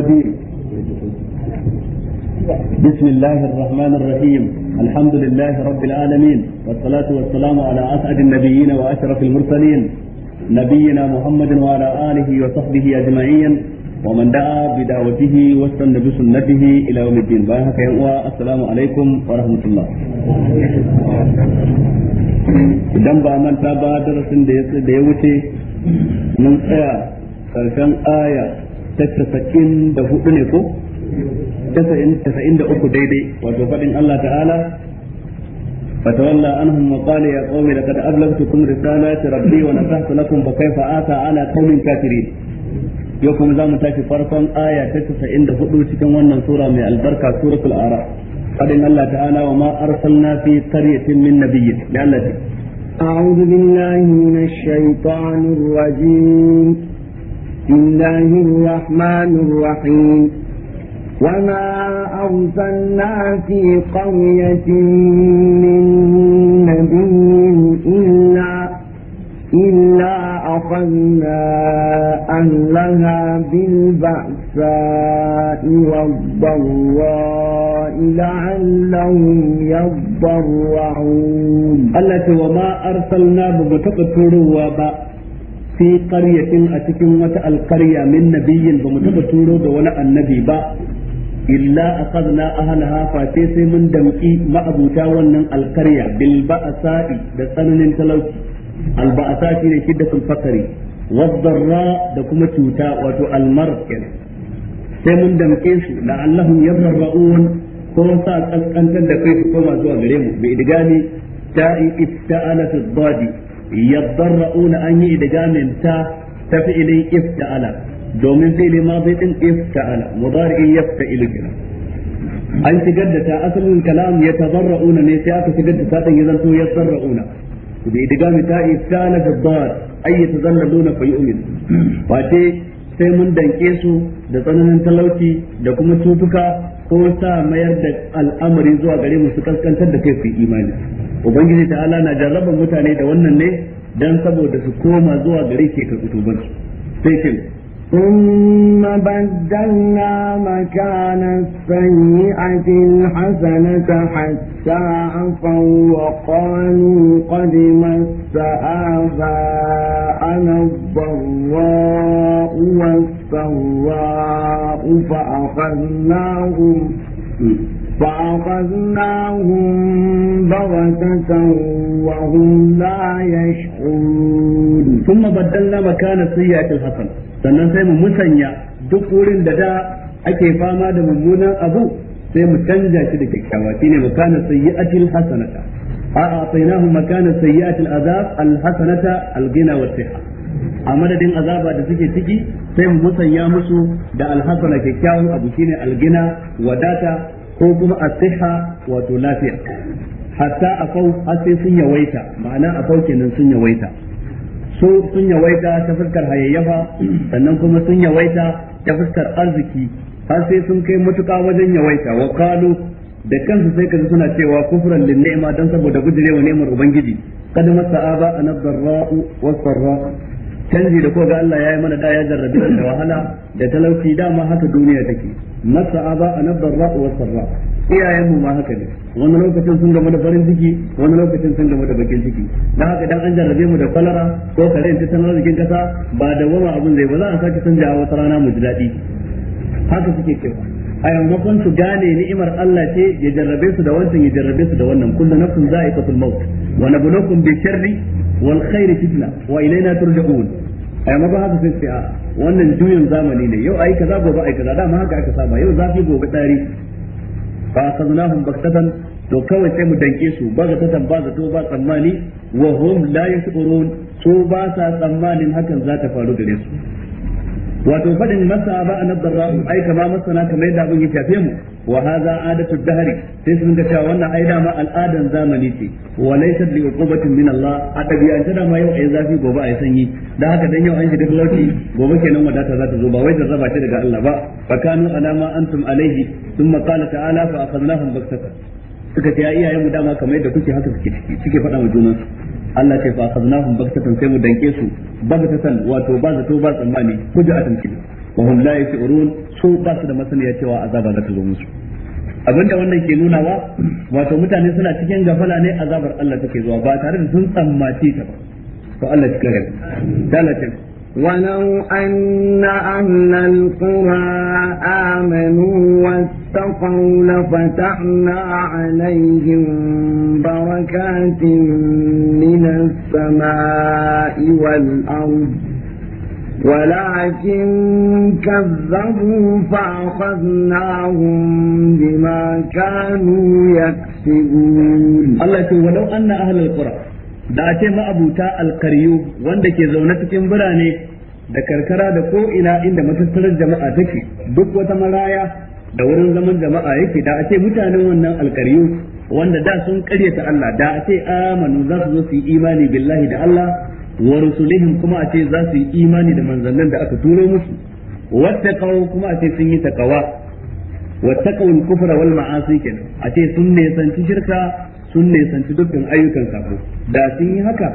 الرجيم بسم الله الرحمن الرحيم الحمد لله رب العالمين والصلاة والسلام على أسعد النبيين وأشرف المرسلين نبينا محمد وعلى آله وصحبه أجمعين ومن دعا بدعوته واستنى بسنته إلى يوم الدين بارك السلام عليكم ورحمة الله idan ba manta ba darasin da ya wuce mun tsaya aya ta tasa'in da hudu ne ko tasa'in da uku daidai wato faɗin Allah ta'ala فتولى عنهم وقال يا قوم لقد أبلغتكم رسالات ربي ونصحت لكم فكيف آتى على قوم كافرين يوكم زام تاشي فرقا آية تسعة عند فؤلو تكن ونن سورة من البركة سورة الآراء قد إن الله تعالى وما أرسلنا في قرية من نبي لعلتي أعوذ بالله من الشيطان الرجيم بسم الله الرحمن الرحيم وما أرسلنا في قرية من نبي إلا إلا أخذنا أهلها بالبأساء والضراء لعلهم يضرعون التي وما أرسلنا بمتقطر وباء fi qaryatin a cikin wata alƙarya min nabiyyin ba mu taba turo da wani annabi ba illa aqadna a hana sai sai mun damki ma'abuta wannan alqarya bil ba'sa'i da tsananin talauci ne shi da kiddatul fakari wadarra da kuma cuta wato almar kenan sai mun damke su la'allahum yabra'un ko sa ƙanƙantar da kai su koma zuwa gare mu bi idgami ta'i ifta'alat ad yadarrauna an yi idgamin ta fi'ilin ifta'ala domin fi'ilin madi din ifta'ala mudari'in yafta'ilu kenan an shigar da ta asalin kalam ya tadarrauna ne sai aka shigar da ta din ya zanto yadarrauna bi idgamin ta ifta'ala fi ay yatazallaluna fa yu'min fa sai mun danke su da tsananin talauci da kuma cutuka ko sa mayar da al'amari zuwa gare mu su kaskantar da kai su imani ubangiji ta'ala na jarraban mutane da wannan ne dan saboda su koma zuwa gare ke ka tuban sai ثم بدلنا مكان السيئة الحسنة حتى عفوا وقالوا قد مس آباءنا الضراء والسراء فأخذناهم فأخذناهم بغتة وهم لا يشعرون ثم بدلنا مكان سيئة الحسن sannan sai mu musanya duk wurin da da ake fama da mummunan abu sai mu canja shi da kyakkyawa shine makana sayyi'atil hasanata a atainahu makana sayyi'atil azab al hasanata al ghina wa siha a madadin azaba da suke ciki sai mu musanya musu da al hasana kyakkyawan abu shine al ghina wadata ko kuma asiha wato lafiya hatta a kau sai sun yawaita ma'ana a kau kenan sun yawaita so sun yawaita ta fuskar hayayyafa sannan kuma sun yawaita ta fuskar arziki har sai sun kai matuka wajen yawaita wa kalu da kansu sai kaji suna cewa kufran lin ni'ma dan saboda gudurewa ni'mar ubangiji kad masa aba anaddarra'u was-sarra canji da koga ga Allah yayi mana da ya jarrabi da wahala da talauci dama haka duniya take nasa aba anab darra wa sarra iyayen mu ma haka ne wani lokacin sun gama da farin ciki wani lokacin sun gama da bakin ciki dan haka dan an jarrabe mu da kwalara ko karen ta sanar da kasa ba da wama abun zai ba za a sake canjawa wata rana mu ji daɗi haka suke cewa a yammakon su gane ni'imar Allah ce ya jarrabe su da wancan ya jarrabe su da wannan kullu nafsin za'iqatul maut wa nabluukum bi sharri wal khairi fitna wa ilayna turja'un ai maza haka sai ce a wannan juyin zamani ne yau ai kaza gobe ai kaza dama haka aka saba yau zafi gobe dari fa kazunahum baktatan to kawai sai mu danke su ba zatatan ba to ba tsammani wa hum la yashurun su ba sa tsammanin hakan za ta faru gare su wato fadin masa ba an darra ai kama masana kamar yadda abin ya shafe mu wa hadha adatu dahri sai sun ga cewa wannan ai dama al'adan zamani ce wa laysa li uqubatin min Allah a tabiyan ta dama yau ai zafi gobe ai sanyi dan haka dan yau an shiga talauci gobe kenan wadata za ta zo ba wai da raba ce daga Allah ba fa kanu alama antum alaihi thumma qala ta'ala fa akhadnahum baktata suka ce ya iyayen mu dama kamar yadda kuke haka suke ciki suke faɗa wa junansu Allah ce fa akhadnahum baghtatan sai mu danke su baghtatan wato ba zato ba tsammani ji atanki wa hum la yashurun su ba su da masaniya cewa azaba za ta zo musu abinda wannan ke nuna wa wato mutane suna cikin gafala ne azabar Allah take zuwa ba tare da sun tsammaci ta ba to Allah ya kare mu ولو أن أهل القرى آمنوا واتقوا لفتحنا عليهم بركات من السماء والأرض ولكن كذبوا فأخذناهم بما كانوا يكسبون الله ولو أن أهل القرى da a ce ma'abuta alkaryu wanda ke zaune cikin birane da karkara da ko ina inda matattarar jama'a take duk wata maraya da wurin zaman jama'a yake da a ce mutanen wannan alkaryu wanda da sun karyata Allah da a ce amanu za su zo su yi imani billahi da Allah wa rusulihim kuma a ce za su yi imani da manzannin da aka turo musu kawo kuma a ce sun yi taqawa wattaqul kufra wal ma'asi kenan a ce sun ne shirka sun nisanci dukkan ayyukan sako da sun yi haka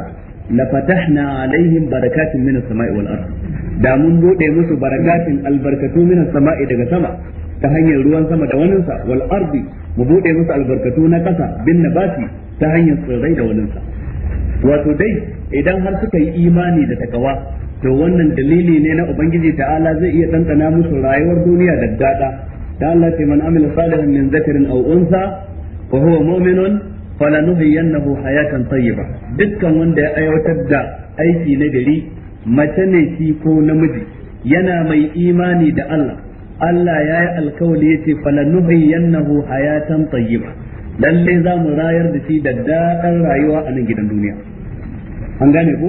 la fatahna alaihim barakatun minas sama'i wal ard da mun bude musu barakatun albarkatu minas sama'i daga sama ta hanyar ruwan sama da waninsa wal ardi mu bude musu albarkatu na kasa bin nabati ta hanyar tsirrai da waninsa wato dai idan har suka yi imani da takawa to wannan dalili ne na ubangiji ta'ala zai iya tantana musu rayuwar duniya da dada ta Allah ce man amila salihan min zakarin aw unsa fa huwa mu'minun fala nuhyiyannahu hayatan tayyiba dukkan wanda ya aiwatar da aiki na gari mace ne shi ko namiji yana mai imani da Allah Allah ya yi alkawali yace fala nuhyiyannahu hayatan tayyiba lalle za mu rayar da shi da daɗin rayuwa a nan gidan duniya an gane ko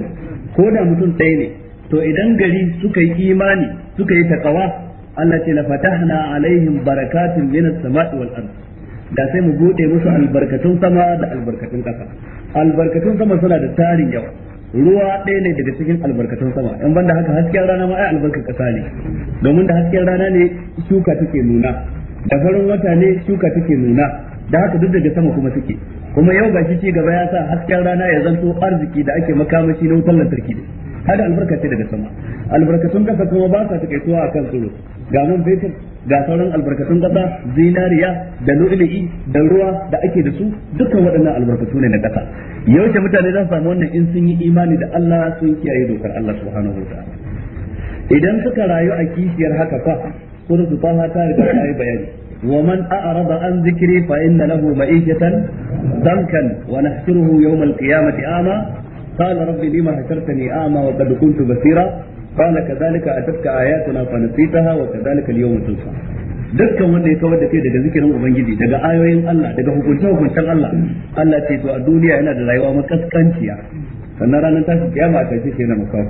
ko da mutum ɗaya ne to idan gari suka yi imani suka yi ƙawa Allah ce la fatahna alaihim barakatun minas sama'i wal ardh da sai mu bude musu albarkatun sama da albarkatun ƙasa albarkatun sama suna da tarin yawa ruwa ɗaya ne daga cikin albarkatun sama in banda haka hasken rana ma ai albarkar ƙasa ne domin da hasken rana ne shuka take nuna da farin wata ne shuka take nuna da haka duk daga sama kuma suke kuma yau shi ci gaba ya sa hasken rana ya zanto arziki da ake makamashi na wutar lantarki ne hada albarka ce daga sama albarkatun ƙasa kuma ba sa a akan tsoro ga nan fetur ga sauran albarkatun ƙasa zinariya da lu'lu'i da ruwa da ake da su dukkan waɗannan albarkatu ne na kasa yawace mutane za su samu wannan in sun yi imani da Allah sun kiyaye dokar Allah subhanahu wa ta'ala idan suka rayu a kishiyar haka fa suratu taha ta riga ta yi bayani ومن أعرض عن ذكري فإن له معيشة ضنكا ونحشره يوم القيامة أعمى قال رب لما حشرتني أعمى وقد kuntu basira. qala kadhalika atatka ayatuna fa nasitaha wa kadhalika al-yawma tunsa dukkan wanda ya kawar da kai daga zikirin ubangiji daga ayoyin Allah daga hukuncen hukuncen Allah Allah ce to a duniya yana da rayuwa makaskanciya sannan ranar tashi kiyama ta ce yana makawa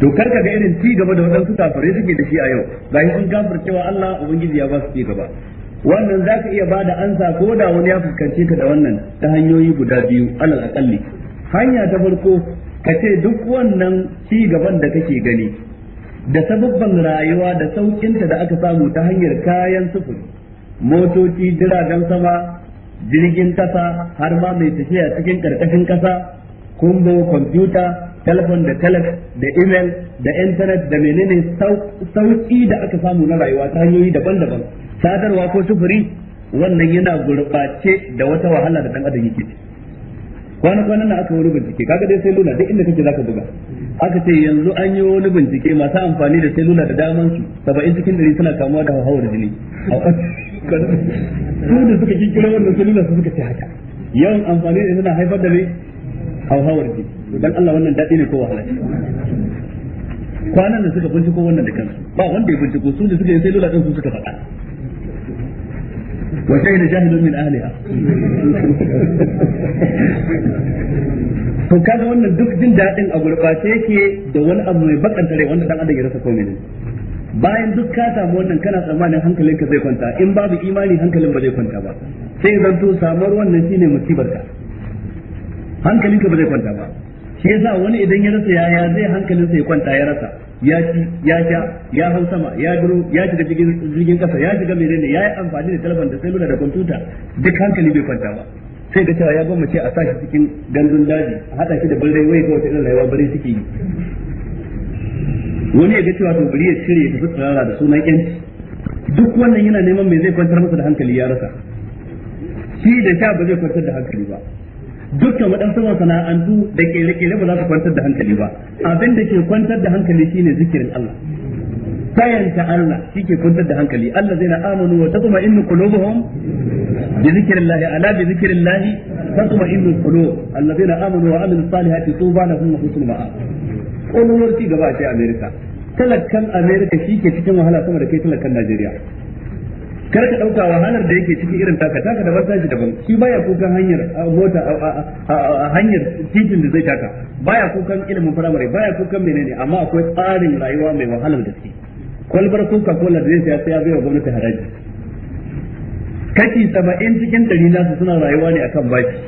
to kar ka ga irin ci gaba da waɗansu kafirai suke da shi a yau bayan sun kafir cewa Allah ubangiji ya ba su ci gaba wannan za ka iya bada ansa ko da wani ya fuskance ka da wannan ta hanyoyi guda biyu alal akalli hanya ta farko ka ce duk wannan ci gaban da kake gani da sababban rayuwa da saukinta da aka samu ta hanyar kayan sufuri motoci jiragen sama jirgin kasa har ma mai tafiya cikin karkashin kasa kumbo kwamfuta telefon da telex da imel da intanet da menene sauki da aka samu na rayuwa ta hanyoyi daban-daban sadarwa ko sufuri wannan yana gurɓace da wata wahala da ɗan adam yake ciki kwana kwanan na aka wani bincike kaga dai selula duk inda kake zaka buga aka ce yanzu an yi wani bincike masu amfani da selula da daman su saba'in cikin dari suna kamuwa da hauhawar jini su da suka kikira wannan selula su suka ce haka yawan amfani da suna haifar da mai hauhawar jini dan Allah wannan daɗi ne ko wahala kwanan da suka binciko wannan da kansu ba wanda ya binciko su da suka yi selula din su suka faɗa wa shahida shahidun min ahliha to kaga wannan duk jin dadin a gurɓace yake da wani abu mai bakan tare wanda dan adam ya rasa komai ne bayan duk ka samu wannan kana tsammanin hankalin ka zai kwanta in babu imani hankalin ba zai kwanta ba sai zan to samuwar wannan shine musibar ka hankalin ka ba zai kwanta ba shi yasa wani idan ya rasa yaya zai hankalin sa ya kwanta ya rasa ya ci ya ja ya hau sama ya duro ya shiga jirgin kasa ya shiga ne ya yi amfani da telefon da salula da kwamfuta duk hankali bai kwanta ba sai ga cewa ya ce a sashi cikin gandun daji a haɗa shi da birrai wai ko wata irin rayuwa bari suke yi wani ya ga cewa to bari ya cire ya tafi tsirara da sunan yanci duk wannan yana neman mai zai kwantar masa da hankali ya rasa shi da sha ba zai kwantar da hankali ba dukkan waɗansu masana'antu da kere-kere ba za su kwantar da hankali ba abin da ke kwantar da hankali shine zikirin Allah sayanta Allah shike kwantar da hankali Allah zai na amanu wa taquma innu qulubuhum bi zikrillah ala bi zikrillah taquma innu qulub alladhina amanu wa amilus salihati tuba lahum wa husnul ma'a kullu ci gaba ce America talakan America shike cikin wahala sama da kai talakan Najeriya kar ka dauka wahalar da yake cikin irin taka taka da wata shi daban shi baya kukan hanyar mota a hanyar titin da zai taka baya kukan ilimin firamare baya kukan menene amma akwai tsarin rayuwa mai wahalar da gaske kwalbar kuka ko lardin ya sai ya bai wa gwamnati haraji kashi saba'in cikin ɗari nasu suna rayuwa ne akan baki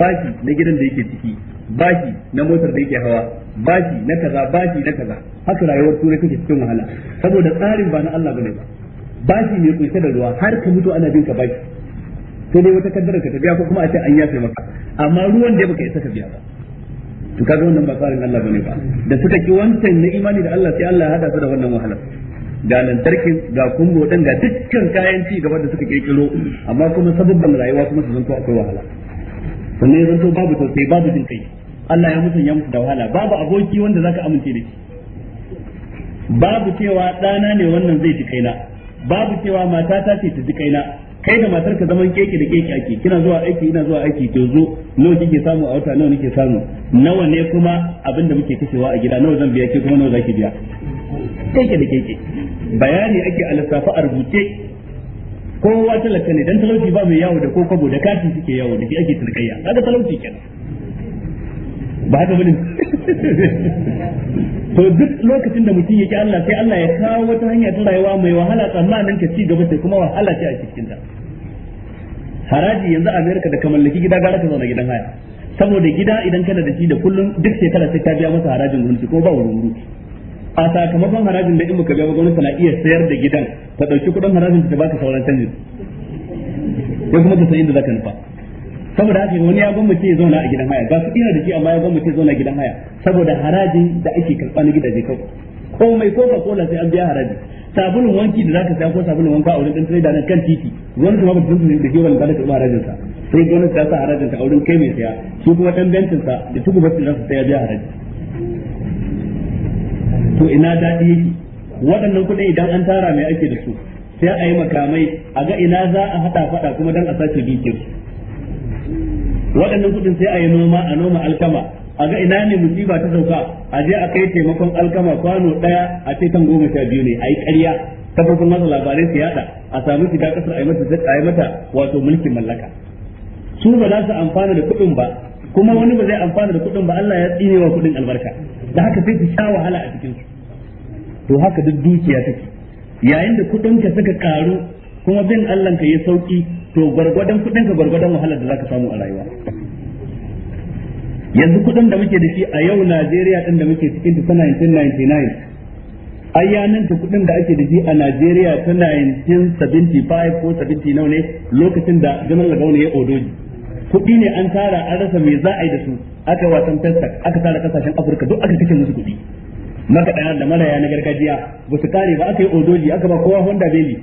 baki na gidan da yake ciki baki na motar da yake hawa baki na kaza baki na kaza haka rayuwar turai kake cikin wahala saboda tsarin ba na Allah bane ba bashi mai kunshe da ruwa har ka mutu ana bin ka baki. sai dai wata kaddara ka ta biya ko kuma a ce an yafe maka amma ruwan da baka isa ka biya ba to kaga wannan ba tsarin Allah bane ba da suka ki wancan na imani da Allah sai Allah ya hada su da wannan wahala ga tarkin ga kungo dan ga dukkan kayan ci gaba da suka kirkiro amma kuma sababban rayuwa kuma su zanto akwai wahala sannan ya zanto babu tausayi babu jin kai Allah ya mutun ya mutu da wahala babu aboki wanda zaka amince da shi babu cewa ɗana ne wannan zai ci kaina babu cewa mata ta ce ta ji kaina kai da matar ka zaman keke da keke ake kina zuwa aiki ina zuwa aiki to zo nawa kike samu a wata nawa nake samu nawa ne kuma abin da muke kashewa a gida nawa zan biya ke kuma nawa zaki biya keke da keke bayani ake a lissafa a rubuce kowa talaka ne dan talauci ba mai yawo da ko kwabo da kati suke yawo da ke ake tilkayya kaga talauci kenan ba haka bane to duk lokacin da mutum ya ki Allah sai Allah ya kawo wata hanya ta rayuwa mai wahala nan ka ci gaba sai kuma wahala ce a cikin ta haraji yanzu America da ka mallaki gida gara ka zauna gidan haya saboda gida idan kana da shi da kullum duk shekara sai ka biya masa harajin gwamnati ko ba wuri a sakamakon harajin da in muka biya gwamnati na iya sayar da gidan ta dauki kudin harajin ta baka sauran canjin ya kuma ka san inda zaka nufa saboda haka wani ya gwammace ya zauna a gidan haya ga su ina da shi amma ya gwammace ya zauna a gidan haya saboda harajin da ake karɓa na gidaje kawai ko mai koka kola sai an biya haraji sabulun wanki da zaka saya ko sabulun wanka a wurin dan trader nan kan titi wani kuma ba tuntu da gidan da zaka harajin sa sai gwamnati ta sa harajin ta a wurin kai mai saya shi kuma dan bencin sa da tuku basu zaka sai ya biya haraji to ina daɗi yake waɗannan kuɗin idan an tara mai ake da su sai a yi makamai a ga ina za a haɗa faɗa kuma dan a sace dukiyar su waɗannan kuɗin sai a yi noma a noma alkama a ga ina ne musiba ta sauka a je a kai taimakon alkama kwano ɗaya a ce kan goma sha biyu ne a yi ƙarya kafofin masa labarai su yaɗa a samu shiga ƙasar a yi mata wato mulkin mallaka su ba za su amfana da kuɗin ba kuma wani ba zai amfana da kuɗin ba Allah ya tsine wa kuɗin albarka da haka sai su sha wahala a cikin su to haka duk dukiya take yayin da kuɗin ka suka karu kuma bin Allah ka yi sauki to gwargwadon kudin ka gwargwadon wahalar da zaka samu a rayuwa yanzu kudin da muke da shi a yau Najeriya din da muke cikin ta 1999 ayyanan ta kudin da ake da shi a Najeriya ta 1975 ko 70 nawa ne lokacin da Jamal Gauna ya odoji kudi ne an tara an rasa me za a yi da su aka yi wasan aka tara kasashen Afirka duk aka kace musu kudi maka daya da maraya na gargajiya ba su kare ba aka yi odoji aka ba kowa Honda Baby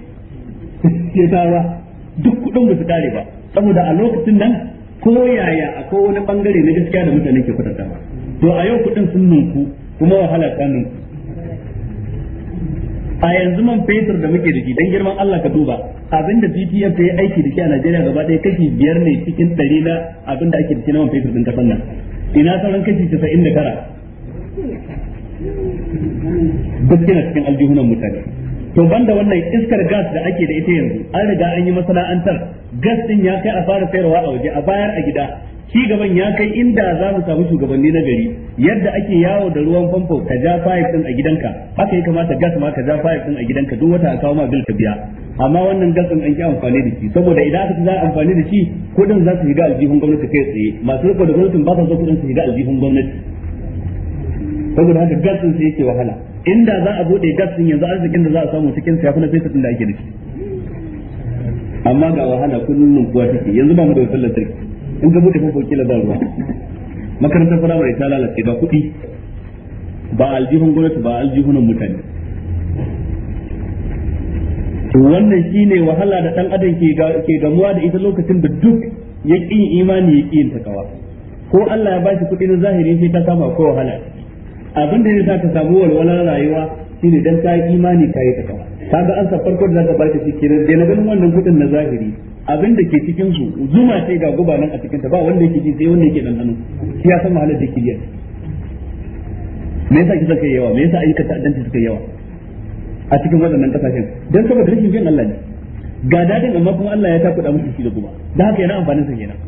ke tawa duk kuɗin ba su kare ba saboda a lokacin nan ko yaya akwai wani bangare na gaskiya da mutane ke kwatanta to a yau kuɗin sun ninku kuma wahala ta ninku a yanzu man fetur da muke da shi dan girman Allah ka duba abinda btf ta yi aiki da ke a Najeriya gaba ɗaya kashi biyar ne cikin ɗari na abinda ake da shi na man fetur din kasan nan ina sauran kashi casa'in da tara duk cikin aljihunan mutane to banda wannan iskar gas da ake da ita yanzu an riga an yi masana'antar gas din ya kai a fara sayarwa a waje a bayar a gida ci gaban ya kai inda za mu samu shugabanni na gari yadda ake yawo da ruwan famfo ka ja fayif din a gidanka haka ya kamata gas ma ka ja fayif din a gidanka duk wata a kawo ma bil ka biya amma wannan gas din an ki amfani da shi saboda idan aka za a amfani da shi kudin za su shiga aljihun gwamnati kai tsaye masu riko da gwamnatin ba sa so kudin su shiga aljihun gwamnati saboda haka gas din sai yake wahala inda za a bude gas din yanzu arzikin da za a samu cikin sai kuma sai din da ake da shi amma ga wahala kullun kuwa take yanzu ba mu da wutar lantarki in ka bude fanko kila ba ruwa makarantar firamare ta lalace ba kuɗi ba aljihun gwamnati ba aljihunan mutane wannan shine wahala da dan adam ke gamuwa da ita lokacin da duk ya imani ya ƙi yin takawa ko Allah ya bashi kuɗi na zahiri sai ta kama ko wahala abin da ne za ka samu walwala rayuwa shine dan ka yi imani ka yi takawa kaga an sa farko da za ka ba shi kenan da na ganin wannan gudun na zahiri abin da ke cikin su zuma ce ga guba nan a cikin ta ba wanda yake ji sai wanda yake dandano shi ya san mahalar da yake me yasa kisa kai yawa me yasa ayyuka ta'addanci suka yawa a cikin waɗannan kasashen dan saboda rashin jin Allah ne ga dadin amma kuma Allah ya takuda musu shi da guba da haka yana amfanin sa kenan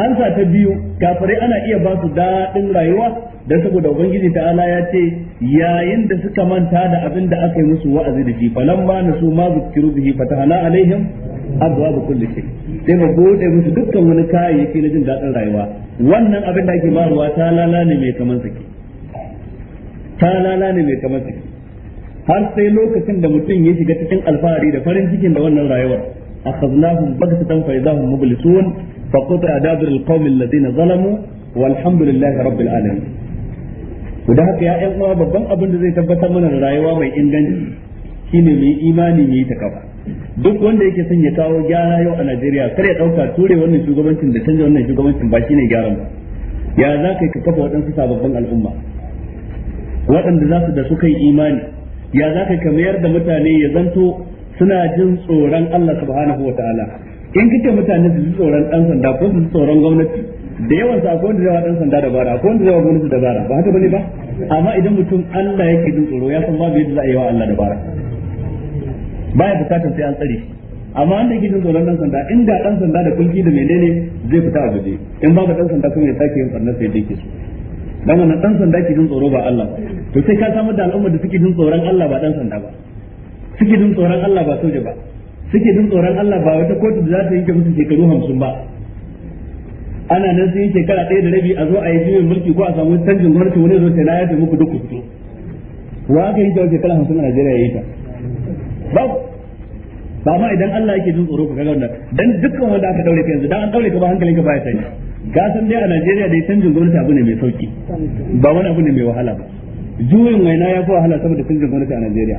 ansa ta biyu kafirai ana iya ba su daɗin rayuwa da saboda ubangiji ala ya ce yayin da suka manta da abin da aka yi musu wa'azi da shi na su ma zukiru bihi fatahana alaihim ba kulli shi. sai mu bude musu dukkan wani kayayyaki na jin daɗin rayuwa wannan abin da ake bayarwa ta lala ne mai kaman sake ta lala ne mai kaman sake har sai lokacin da mutum ya shiga cikin alfahari da farin cikin da wannan rayuwar أخذناهم بغتة فإذا هم مبلسون فقطع دابر القوم الذين ظلموا والحمد لله رب العالمين da haka ya ƴan uwa babban abin da zai tabbatar mana da rayuwa mai inganci shine mai imani mai ta kafa duk wanda yake son ya kawo gyara yau a Najeriya kar ya dauka ture wannan shugabancin da canza wannan shugabancin ba shine gyaran ba ya za ka ka kafa waɗansu sababbin al'umma waɗanda za su da su kai imani ya za ka mayar da mutane ya zanto suna jin tsoron Allah subhanahu wa ta'ala in kace mutane su ji tsoron dan sanda ko su tsoron gwamnati da yawan sa akwai wanda zai wa dan sanda da bara akwai wanda zai gwamnati da bara ba haka bane ba amma idan mutum Allah yake jin tsoro ya san babu yadda za a yi wa Allah da bara baya bukatar sai an tsare amma wanda yake jin tsoron dan sanda in da dan sanda da kulki da menene zai fita a guje in babu dan sanda kuma ya sake yin farnar sai dake su dan wannan dan sanda ke jin tsoro ba Allah to sai ka samu da al'ummar da suke jin tsoron Allah ba dan sanda ba suke jin tsoron Allah ba soja ba suke jin tsoron Allah ba wata kotu da za ta yanke musu shekaru hamsin ba ana nan sun yi shekara ɗaya da rabi a zo a yi juyin mulki ko a samu canjin gwamnati wani zo ta na ya muku duk kusto wa aka yi ta shekara hamsin a Najeriya ya yi ta ba ba ma idan Allah yake jin tsoro ka ga wannan dan dukkan wanda aka daure ka yanzu dan an daure ka ba hankalin ka baya sani ka san dai a Najeriya dai canjin gwamnati abu ne mai sauki ba wani abu ne mai wahala ba juyin waina ya fi wahala saboda canjin gwamnati a Najeriya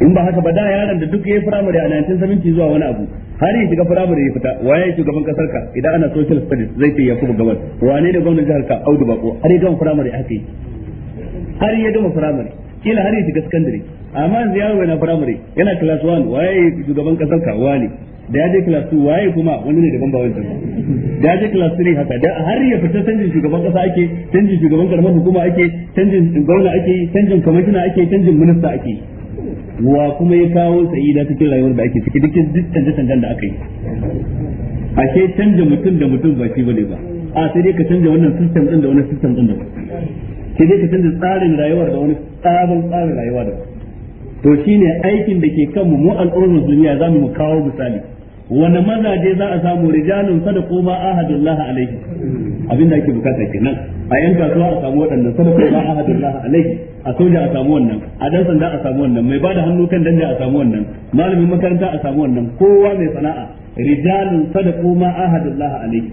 in ba haka ba da yaron da duk yi firamare a 1970 zuwa wani abu har ya shiga firamare ya fita waye shugaban kasar ka idan ana social studies zai ce Yakubu Gabal wane ne gwamnatin jihar ka Audu Bako har ya gama firamare haka yi har ya gama firamare kila har ya shiga secondary amma yanzu yaro yana firamare yana class 1 waye shugaban kasar ka wane da ya je class 2 waye kuma wani ne daban ba wancan da ya je class 3 haka da har ya fita canjin shugaban kasa ake canjin shugaban karamar hukuma ake canjin gwamna ake canjin kwamitina ake canjin minista ake wa kuma ya kawo sa'ida cikin rayuwar da ake ciki dukkan dukkan canjen da aka yi ashe canja mutum da mutum ba shi bane ba a sai dai ka canja wannan system din da wani system din da sai dai ka canja tsarin rayuwar da wani tsarin tsarin rayuwa da to shine aikin da ke kanmu mu al'ummar duniya zamu mu kawo misali wani mazaje za a samu rijalun sadaqu ma ahadullah alaihi abinda ake bukata kenan a yan kasuwa a samu waɗannan sadaqu ma ahadullah alaihi a soja a samu wannan a dan sanda a samu wannan mai bada hannu kan danja a samu wannan malamin makaranta a samu wannan kowa mai sana'a rijalun sadaqu ma ahadullah alaihi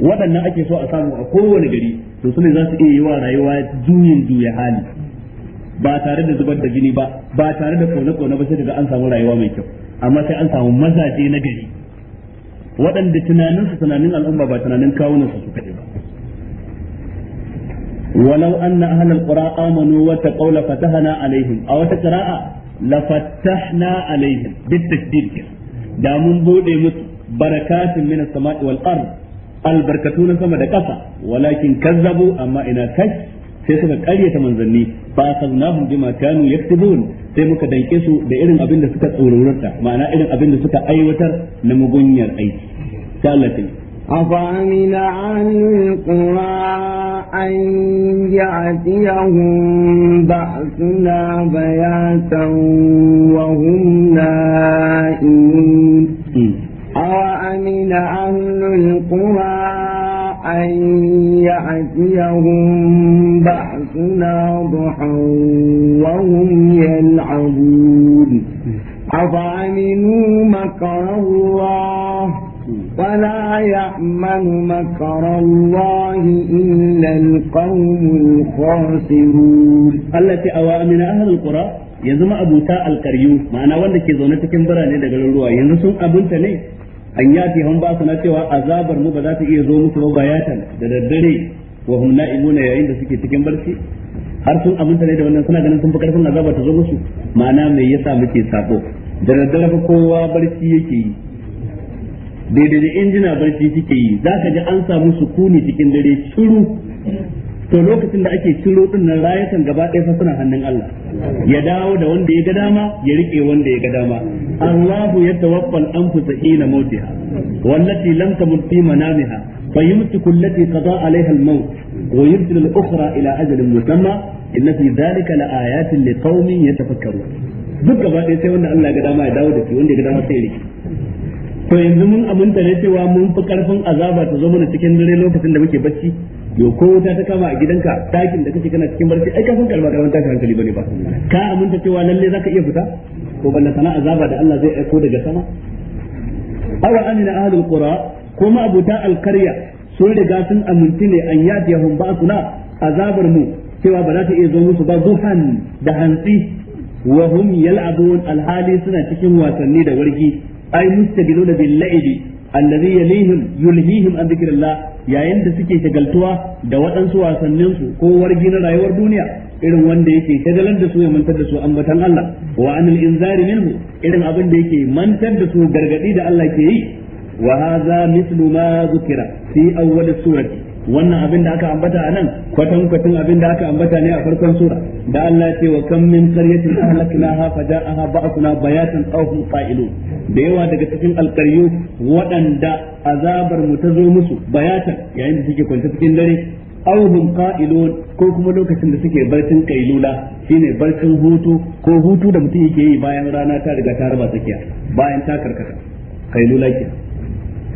waɗannan ake so a samu a kowane gari to ne za su iya yi wa rayuwa juyin juya hali ba tare da zubar da jini ba ba tare da kone-kone ba sai daga an samu rayuwa mai kyau amma sai an samu mazaje na gari waɗanda tunaninsu tunanin al'umma ba tunanin kawunansu su kaɗai ba ولو أن أهل القرى آمنوا واتقوا لفتحنا عليهم أو تقراء لفتحنا عليهم بالتشديد كده da mun bude musu barakatun min as-sama'i wal ard albarkatu na sama da ƙasa walakin kazzabu amma ina kai sai suka ƙaryata manzanni na فأخذناهم بما كانوا يكسبون sai muka danke su da irin abin da suka tsoronarta ma'ana irin abin da suka aiwatar na mugunyar aiki tallafi Amina an kuma an yi atiyahun suna bayatan wa hum na awa amina an kuma an yi atiyahun ba suna مرحا وهم يلعبون أفأمنوا مكر الله ولا يأمن مكر الله إلا القوم الخاسرون التي أوامن أهل القرى yanzu ma'abuta alkaryu ma'ana wanda ke zaune cikin birane daga ruruwa yanzu sun abinta ne an yati han ba na cewa azabar mu ba za ta iya zo musu ba bayatan da daddare wa hum na'imuna yayin da suke cikin barci har sun aminta ne da wannan suna ganin sun fi karfin azaba ta zo musu ma'ana me yasa muke sako da daddare fa kowa barci yake yi daidai da injina barci kike yi za ka ji an samu sukuni cikin dare shiru to lokacin da ake ciro din nan rayukan gaba ɗaya fa suna hannun Allah ya dawo da wanda ya ga dama ya rike wanda ya ga dama Allahu ya tawaffal anfusa hina mautiha wallati lam tamut fi manamiha fayumtiku allati qada alaiha al-maut wa yursilu al ila ajalin musamma inna fi dhalika la ayatin li qaumin yatafakkaru duk gaba ɗaya sai wanda Allah ya ga dama ya dawo da shi wanda ya ga dama sai rike to yanzu mun aminta ne cewa mun fi karfin azaba ta zo mana cikin dare lokacin da muke bacci yo ko wuta ta kama a gidanka dakin da kake kana cikin barci ai ka san kalma karban taka hankali bane ba ka aminta cewa lalle zaka iya fita ko balla sana azaba da Allah zai aiko daga sama awa amina ahlul qura ma abuta alqarya sun riga sun aminti ne an yatiyahum ba'suna azabar mu cewa ba za ta iya zo musu ba duhan da hantsi wa hum yal'abun alhali suna cikin wasanni da wargi ay mustabiluna bil la'ibi allazi yalihim yulhihim an dhikrillah yayin da suke shagaltuwa da waɗansu wasannin su ko wargi na rayuwar duniya irin wanda yake shagalar da su ya mantar da su ambatan Allah wa anil inzari minhu irin abin da yake mantar da su gargadi da Allah ke yi wa hadha mithlu ma dhukira fi awwal surati wannan abin da aka ambata a nan kwatan kwatan abin da aka ambata ne a farkon sura da Allah ce wa kam min qaryatin ahlaknaha aha ba'athuna bayatan aw hum qa'ilun da yawa daga cikin alqaryu waɗanda azabar mu ta zo musu bayatan yayin da suke kwanta cikin dare aw hum qa'ilun ko kuma lokacin da suke barcin kailula shine barcin hutu ko hutu da mutum yake yi bayan rana ta riga ta raba tsakiya bayan ta karkata kailula ke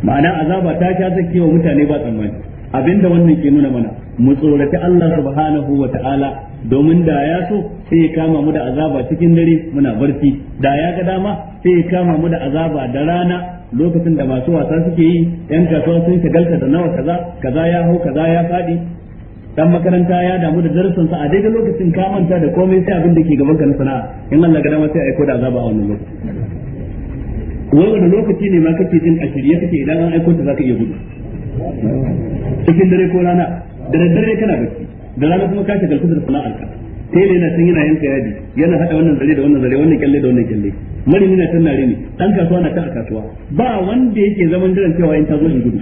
ma'ana azaba ta sha zakiya wa mutane ba tsammani abinda wannan ke nuna mana mu tsorati Allah subhanahu wa ta'ala domin da ya so sai ya kama mu da azaba cikin dare muna barci da ya ga dama sai ya kama mu da azaba da rana lokacin da masu wasa suke yi yan kasuwa sun shagalta da nawa kaza kaza ya hau kaza ya fadi dan makaranta ya damu da darasin sa a daidai lokacin ka manta da komai sai abin da ke gaban ka na sana'a in Allah ga dama sai aiko da azaba a wannan lokacin wai wani lokaci ne ma kake jin a shirye kake idan an aiko ta zaka iya gudu cikin dare ko rana da dare kana bacci da rana kuma ka shagaltu da sana'arka tele na san yana yanka yadi yana hada wannan zare da wannan zare wannan kyalle da wannan kyalle mani na can nare ne dan kasuwa na ta a kasuwa ba wanda yake zaman jiran cewa in ta zo in gudu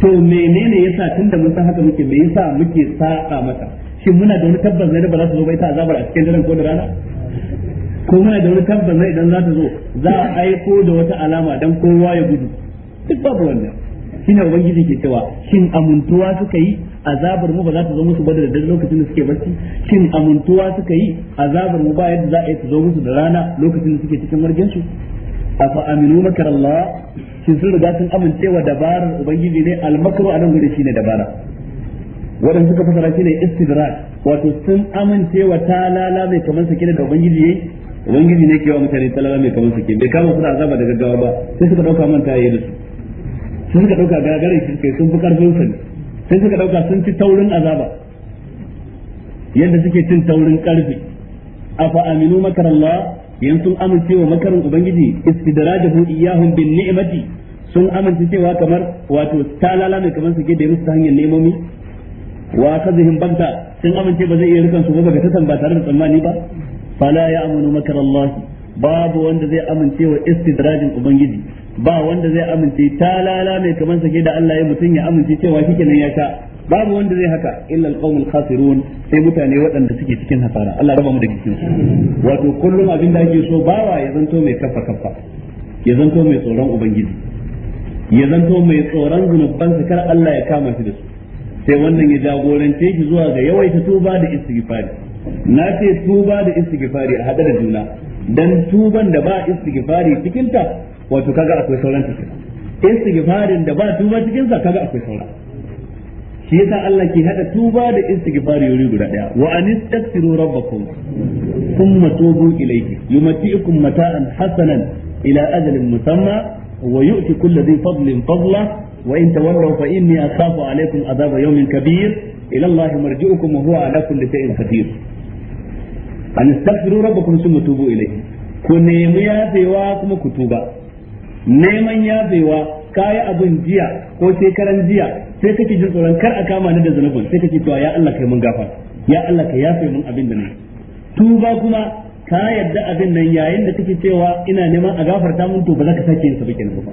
to menene yasa tunda mun san haka muke me yasa muke sa'a mata shin muna da wani tabbas ne da ba za su zo ba ita azabar a cikin daren ko da rana ko muna da wani tabbas ne idan za ta zo za a aiko da wata alama dan kowa ya gudu duk babu wannan shine ubangiji ke cewa shin amuntuwa suka yi azabar mu ba za ta zo musu ba da daddare lokacin da suke barci shin amuntuwa suka yi azabar mu ba yadda za a yi ta zo musu da rana lokacin da suke cikin margin su afa aminu makarallah shin sun riga sun amincewa dabarar ubangiji ne almakaru a nan gudu shine dabara wadanda suka fasara shine istidrak wato sun amincewa talala mai kamar sakina da ubangiji yayi ubangiji ne ke wa mutane talala mai kamar ke bai kama su da azaba da gaggawa ba sai suka dauka manta yayi da su sun ka dauka gagarai shi kai sun fi karfin sa ne sai suka dauka sun ci taurin azaba yadda suke cin taurin karfi afa aminu makarallah yan sun amince wa makarin ubangiji istidrajahu iyyahum bin ni'mati sun amince cewa kamar wato talala ne kamar suke da musu ta hanyar nemomi wa kazihim banta sun amince ba zai iya rikan su ba ga ta ba tare da tsammani ba fala Aminu makarallah babu wanda zai amince wa istidrajin ubangiji ba wanda zai amince talala mai kaman sake da Allah ya mutum ya amince cewa shi kenan ya sha babu wanda zai haka illa alqawmul khasirun sai mutane waɗanda suke cikin hasara Allah raba mu da cikin su wato kullum abin da ake so bawa ya zanto mai kafa kafa ya zanto mai tsoron ubangiji ya zanto mai tsoron sa kar Allah ya kama shi da su sai wannan ya jagorance shi zuwa ga yawaita tuba da istighfari na ce tuba da istighfari a hadar da juna dan tuban da ba istighfari cikin ta wato kaga akwai sauran ta istighfarin da ba tuba cikin sa kaga akwai sauran shi yasa Allah ke hada tuba da istighfar yuri guda daya wa anistaghfiru rabbakum thumma tubu ilayhi yumati'ukum mata'an hasanan ila ajalin musamma wa yu'ti kulli dhi fadlin fadla wa in tawallaw fa inni akhafu alaykum adhab yawmin kabir ila Allah marji'ukum wa huwa ala kulli shay'in qadir an astaghfiru rabbakum thumma tubu ilayhi ku nemi yafewa kuma ku tuba neman yafewa kayi abin jiya ko shekaran jiya sai kake jin tsoron kar a kama ni da zanubin sai kake cewa ya Allah kai mun gafa ya Allah ka yafe mun abin da nayi tuba kuma ka yadda abin nan yayin da kake cewa ina neman a gafarta mun to ba za ka sake yin sa ba ba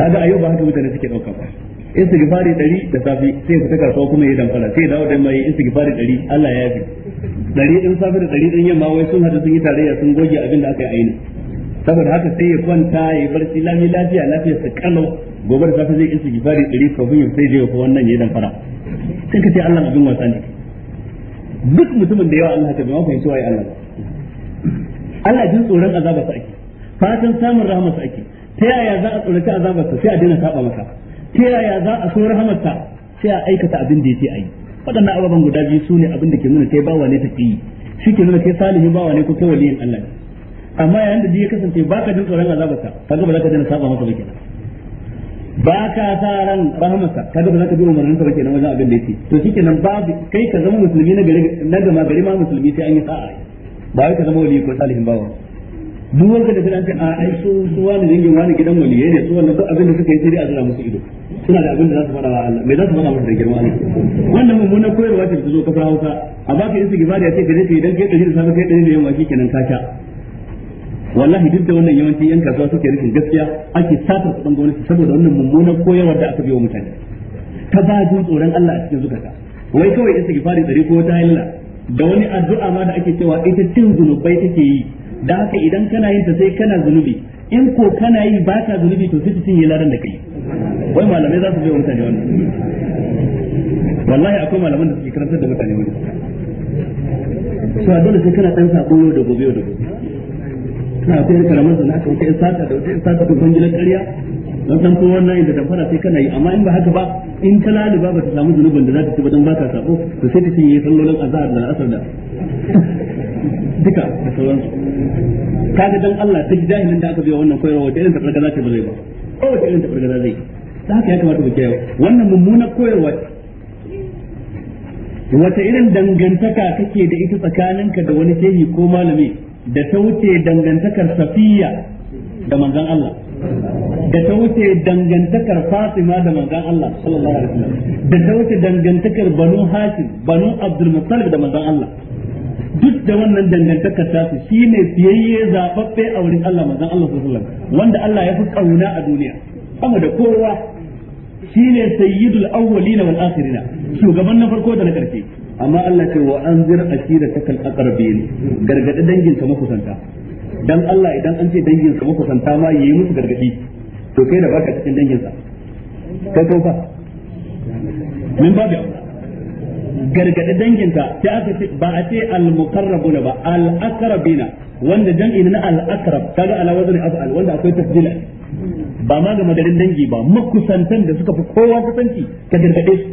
kaga ayuba ba haka mutane suke dauka ba istighfari 100 da safi sai fita kasuwa kuma yayi damfara sai dawo da mai istighfari 100 Allah ya yafe dari din safe da dari din yamma wai sun hada sun yi tarayya sun goge abin da aka yi aini saboda haka sai ya kwanta ya barci lami lafiya lafiya su kalau gobe da safe zai isa gifari dari kafin ya sai je ko wannan ya dan fara sai ka ce Allah abin wasa ne duk mutumin da yawa Allah ta bai fahimci wai Allah Allah jin tsoron azaba sa ake fatan samun rahama sa ake ta yaya za a tsorata azabarsa sai a daina saba maka ta yaya za a so rahamarsa sai a aikata abin da yake a yi waɗannan ababen guda biyu su ne abin da ke nuna kai bawa ne taqiyi shi ke nuna kai salihin bawa ne ko kai waliyin Allah ne amma yayin da ya kasance ba ka jin tsoron azabarsa ga ba za ka jin saba masa ba kenan ba ka sa ran ka ga ba za ka bi umarninsa ba kenan wajen abin da yake to nan babu kai ka zama musulmi na gari na gama gari ma musulmi sai an yi sa'a ba wai ka zama waliyi ko salihin bawa duk wanda da an ce a ai su su wani dangin wani gidan waliyai ne su wannan duk abin da suka yi sai dai a zira musu ido suna da abin da za su faɗa wa Allah me za su faɗa masa da girma ne wannan mummunan koyarwa ce ta zo kafa Hausa a baka yin gibari a ce ka dace idan kai ɗari da safe kai ɗari da yamma kenan ka sha wallahi duk da wannan yawanci yan kasuwa suke rikin gaskiya ake satar kuɗin gwamnati saboda wannan mummunan koyarwa da aka biyo mutane ta ba jin tsoron Allah a cikin zukata wai kawai gibari ɗari ko ta hilla da wani addu'a ma da ake cewa ita cin zunubai take yi da haka idan kana yin ta sai kana zunubi in ko kana yi ba ka zunubi to sai su yi ladan da kai wai malamai za su je mutane wannan wallahi akwai malaman da suke karantar da mutane wani. to dole sai kana dan sako yau da gobe yau da gobe kana kai karamar sana ka kai sata da wata sata ko gidan ƙarya don san kowa wannan inda damfara sai kana yi amma in ba haka ba in ka laluba ba ta samu zunubin da za ta ci ba don ba ka sako to sai ta cinye sallolin azhar da asar da duka da sauransu kaga dan Allah ta jahilin da aka biya wannan koyarwa wata irin tafarka za ta ba zai ba ko wata irin tafarka za zai ta haka ya kamata ku kiyaye wannan mummunar koyarwa wata irin dangantaka kake da ita tsakaninka da wani shehi ko malami da ta wuce dangantakar safiya da manzon Allah da ta wuce dangantakar Fatima da manzon Allah sallallahu alaihi wasallam da ta wuce dangantakar Banu Hashim Banu Abdul Muttalib da manzon Allah duk da wannan dangantaka ta su shine siyayye zababbe a wurin Allah mazan Allah sallallahu alaihi wasallam wanda Allah ya fi kauna a duniya kuma da kowa shine sayyidul awwalina wal akhirina shugaban na farko da na karshe amma Allah ce wa anzir ashiratakal aqrabin gargadi dangin ka makusanta dan Allah idan an ce dangin sa makusanta ma yi musu gargadi to kai da baka cikin dangin sa kai ko fa min babu gargadi danginta sai aka ce ba a ce al-muqarrabuna ba al-aqrabina wanda jam'i na al-aqrab kaga ala wazni al wanda akwai tafdila ba ma ga madarin dangi ba makusantan da suka fi kowa kusanci ka gargade su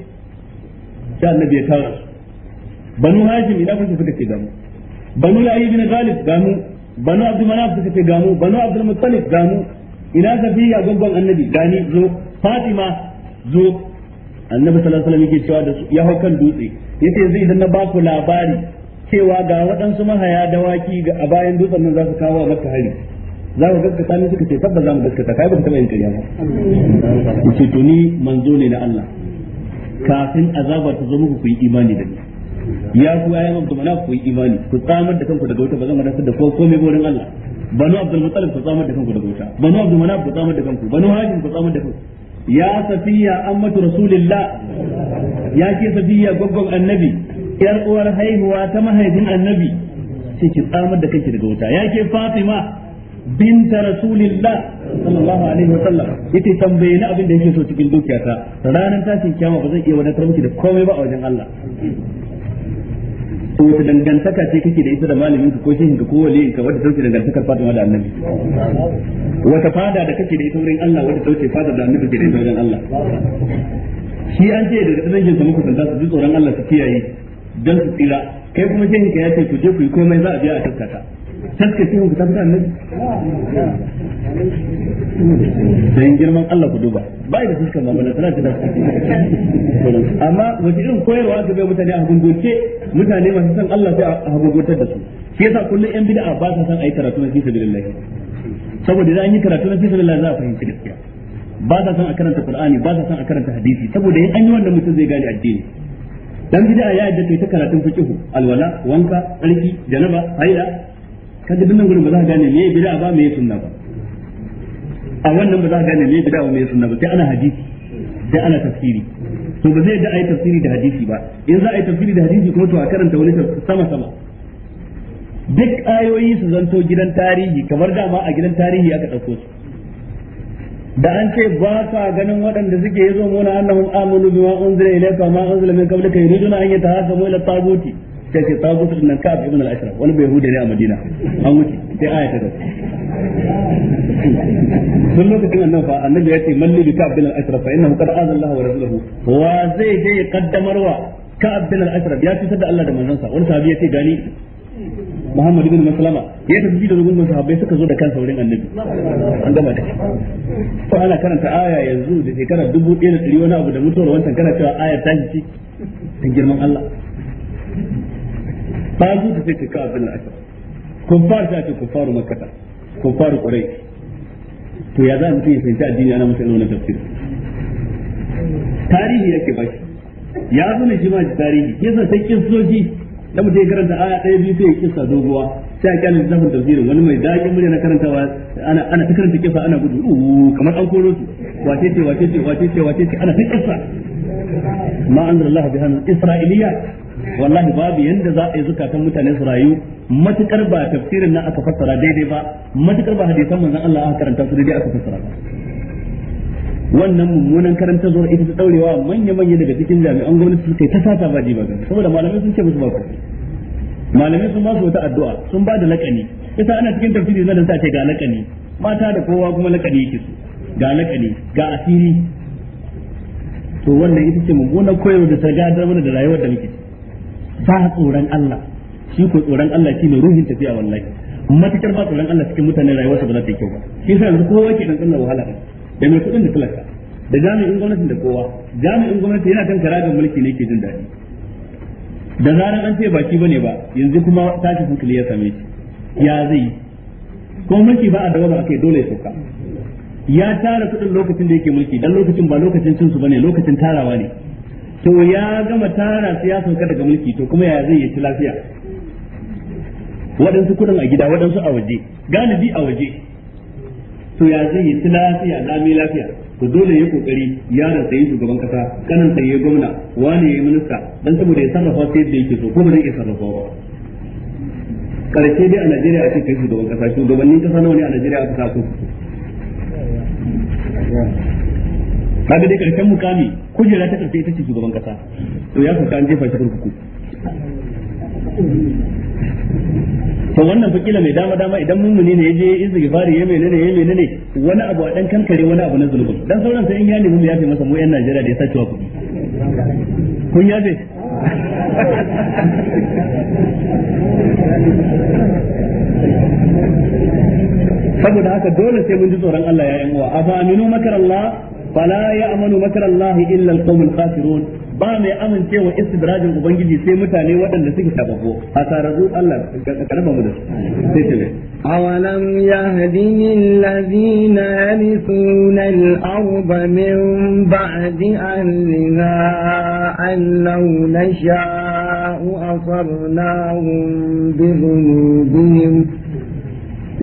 sai annabi ya tara banu hashim ina kun suka ce mu? banu la'ayi bin ga mu? banu abdul manaf suka ce mu? banu abdul muttalib mu? ina safiya gungun annabi gani zo fatima zo annabi sallallahu alaihi wasallam yake cewa da ya hau kan dutse yace zai idan na baku labari cewa ga waɗansu mahaya dawaki ga a bayan dutsen nan za su kawo a maka hari za mu gaskata ne suka ce tabba za mu gaskata kai ba ka taɓa yin kariya ba ce to ni manzo ne na Allah kafin azaba ta zo muku ku yi imani da ni ya ku ya yamma da mana ku yi imani ku tsamar da kanku daga wuta ba zan wadatar da ko komai gurin Allah banu abdul mutalib ku tsamar da kanku daga wuta banu abdul manaf ku tsamar da kanku banu hajin ku tsamar da kanku ya safiya ammatu rasulillah ya ke safiya gwaggon annabi yar uwar haihuwa ta mahaifin annabi sai ki tsamar da kanki daga wuta ya ke fatima binta rasulillah sallallahu alaihi wa sallam yace tambaye ni abin da yake so cikin dukiyata ranar tashin kiyama ba zan iya wadatar miki da komai ba a wajen Allah to wata dangantaka ce kake da ita da malamin ka ko shi ka ko waliyin ka wanda dauke dangantakar Fatima da Annabi wata fada da kake da ita wurin Allah wanda sauke fada da Annabi kake da ita wurin Allah shi an ce daga dangin sa muku sanda su ji tsoron Allah su kiyaye dan su tsira kai kuma shehin ka ya ce ku je ku yi komai za a biya a tattaka taske taskace ku tabbata annabi dan girman Allah ku duba bai da fuskar mamala tana da amma wace irin koyarwa ga bai mutane a hagungoce mutane masu san Allah sai a hagungotar da su shi yasa kullum yan bid'a ba sa san yi karatu na fi sabilillah saboda idan an yi karatu na fi sabilillah za a fahimci gaskiya ba sa son a karanta qur'ani ba sa son a karanta hadisi saboda in an yi wannan mutum zai gane addini dan bid'a ya yadda kai ta karatun fiqh alwala wanka tsarki janaba haila kaga dinnan gurin ba za ka gane me bid'a ba me sunna ba a wannan ba za ka gane me bid'a ba me sunna ba sai ana hadisi sai ana tafsiri to ba zai da ai tafsiri da hadisi ba in za a yi tafsiri da hadisi kuma to a karanta wani sama sama duk ayoyi su zanto gidan tarihi kamar dama a gidan tarihi aka ɗauko su da an ce ba sa ganin waɗanda suke yi zo mona annahum amanu bima unzila ilayka ma unzila min qablika yuriduna an yatahasamu ila taguti sai ce tagut din nan Ka ibn al-ashraf wani bai hude ne a madina an wuce sai aya ta sun lokacin annan fa annabi ya ce malli bi ashraf fa innahu qad azza wa rasuluhu wa zai je kaddamarwa ashraf ya Allah da wani sahabi ya ce gani Muhammad ibn Maslama ya tafi da sahabbai suka zo da kansa wurin Annabi an gama da ko ana karanta aya yanzu da shekara 1100 wani abu da mutuwar wancan kana cewa ayar ta ta girman Allah tagutu sai ka ka'ab bin asad kuffar sai ce kuffaru makkata kuffaru quraish to ya za mu mutum ya fahimci addini ana masa irin wannan tafsir tarihi yake ba shi ya zo ne shi tarihi kisa sai kin soji da mutum ya karanta aya ɗaya biyu sai ya kissa doguwa sai a kyalin zafin tafsirin wani mai daƙin murya na karantawa ana ana ta karanta kisa ana gudu kamar an koro su wace ce wace ce wace ce wace ce ana ta kissa ma anzalallahu bihan isra'iliyat wallahi babu yanda za a yi zukatan mutane su rayu matukar ba tafsirin nan aka fassara daidai ba matukar ba hadisan manzon Allah aka karanta su daidai aka fassara ba wannan mummunan karanta zuwa ita ta daurewa manya-manya daga cikin jami'an gwamnati suka yi ta sata ba jiba. saboda malamai sun ce musu ba malamai sun ba su wata addu'a sun ba da lakani yasa ana cikin tafsiri na da sa ce ga lakani mata da kowa kuma lakani yake su ga lakani ga asiri to wannan ita ce mummunan koyarwa da ta gadar mana da rayuwar da muke sa tsoron Allah shi ko tsoron Allah ne ruhin tafiya wallahi matakar ba tsoron Allah cikin mutane rayuwarsa ba za ta yi kyau ba shi yasa yanzu kowa ke dan tsallar wahala da mai kudin da talaka da jami'in gwamnatin da kowa jami'in gwamnati yana kan karagar mulki ne ke jin daɗi da zaran an ce baki bane ba yanzu kuma tashi hankali ya same shi ya zai ko mulki ba a wani akai dole ya sauka ya tara kudin lokacin da yake mulki dan lokacin ba lokacin cin su bane lokacin tarawa ne to ya gama tara su ya sauka daga mulki to kuma ya zai yi lafiya waɗansu kudin a gida waɗansu a waje galibi a waje to ya zai yi lafiya lami lafiya to dole ya kokari da sai shugaban kasa kanan sai ya gwamna wani ya yi minista dan saboda ya sarrafa sai yadda yake so ko ba zai iya sarrafa ba karshe dai a Najeriya ake kai shugaban kasa shugabannin kasa nawa ne a Najeriya aka sa su kaga dai karshen mukami kujera ta karfe ita ce shugaban kasa to ya sauka an jefa shi kurkuku to wannan fakila mai dama dama idan mummuni ne yaje istighfari ya nene ya nene wani abu a dan kankare wani abu na zulubin dan sauran sai in ya nemi mu yafe masa mu yan Najeriya da ya sace wa kuɗi kun yafe saboda haka dole sai mun ji tsoron Allah ya yan uwa afa aminu makarallah fala ya'manu makra Allah illa al-qawmul khasirun ba mai amincewa istidrajin ubangiji sai mutane waɗanda suke tababbo asararru Allah karama mu da su sai ce awalam yahdi lillazina yarithuna al-ard min ba'di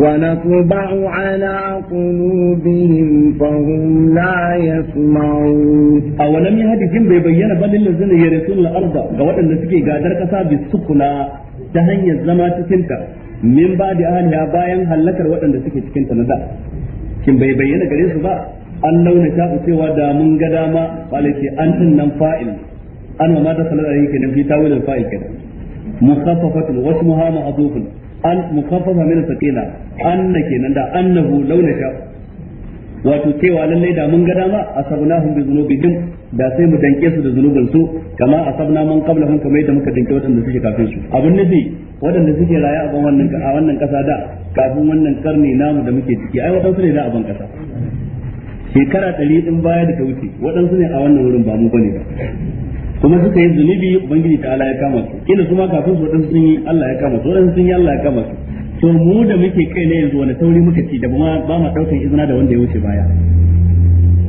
ونطبع على قلوبهم فهم لا يسمعون أولم يهدهم بيبين بل الذين يرثون الأرض قوات النسكي قادر كسا بالسكنة تهني الزما تكنتا من بعد أهلها باين هلكر وات النسكي تكنتا ندا كم بيبين قريسوا بقى an launa ta cewa da mun ga dama falaki an din nan fa'il an ma ta sanar da yake nan fi tawilul fa'il kenan mukaffafatul wasmuha ma'dufun an mukaffafa min sakina anna kenan da annahu launa sha wato cewa lalle da mun ga dama asabnahum bi dhunubihim da sai mu danke su da zunubin su kama asabna mun qablahum kamar yadda muka danke wadanda suke kafin su abin nufi wadanda suke raye a ban wannan a wannan kasa da kafin wannan karni namu da muke ciki ai wadansu ne da a ban kasa shekara ɗari din baya da ta wuce waɗansu ne a wannan wurin ba mu bane ba kuma suka yi zunubi ubangiji ta Allah ya kama su kila kuma kafin su wadansu sun yi Allah ya kama su wadansu sun yi Allah ya kama su to mu da muke kai ne yanzu wani tauri muka ci da ba ba ma daukan izina da wanda ya wuce baya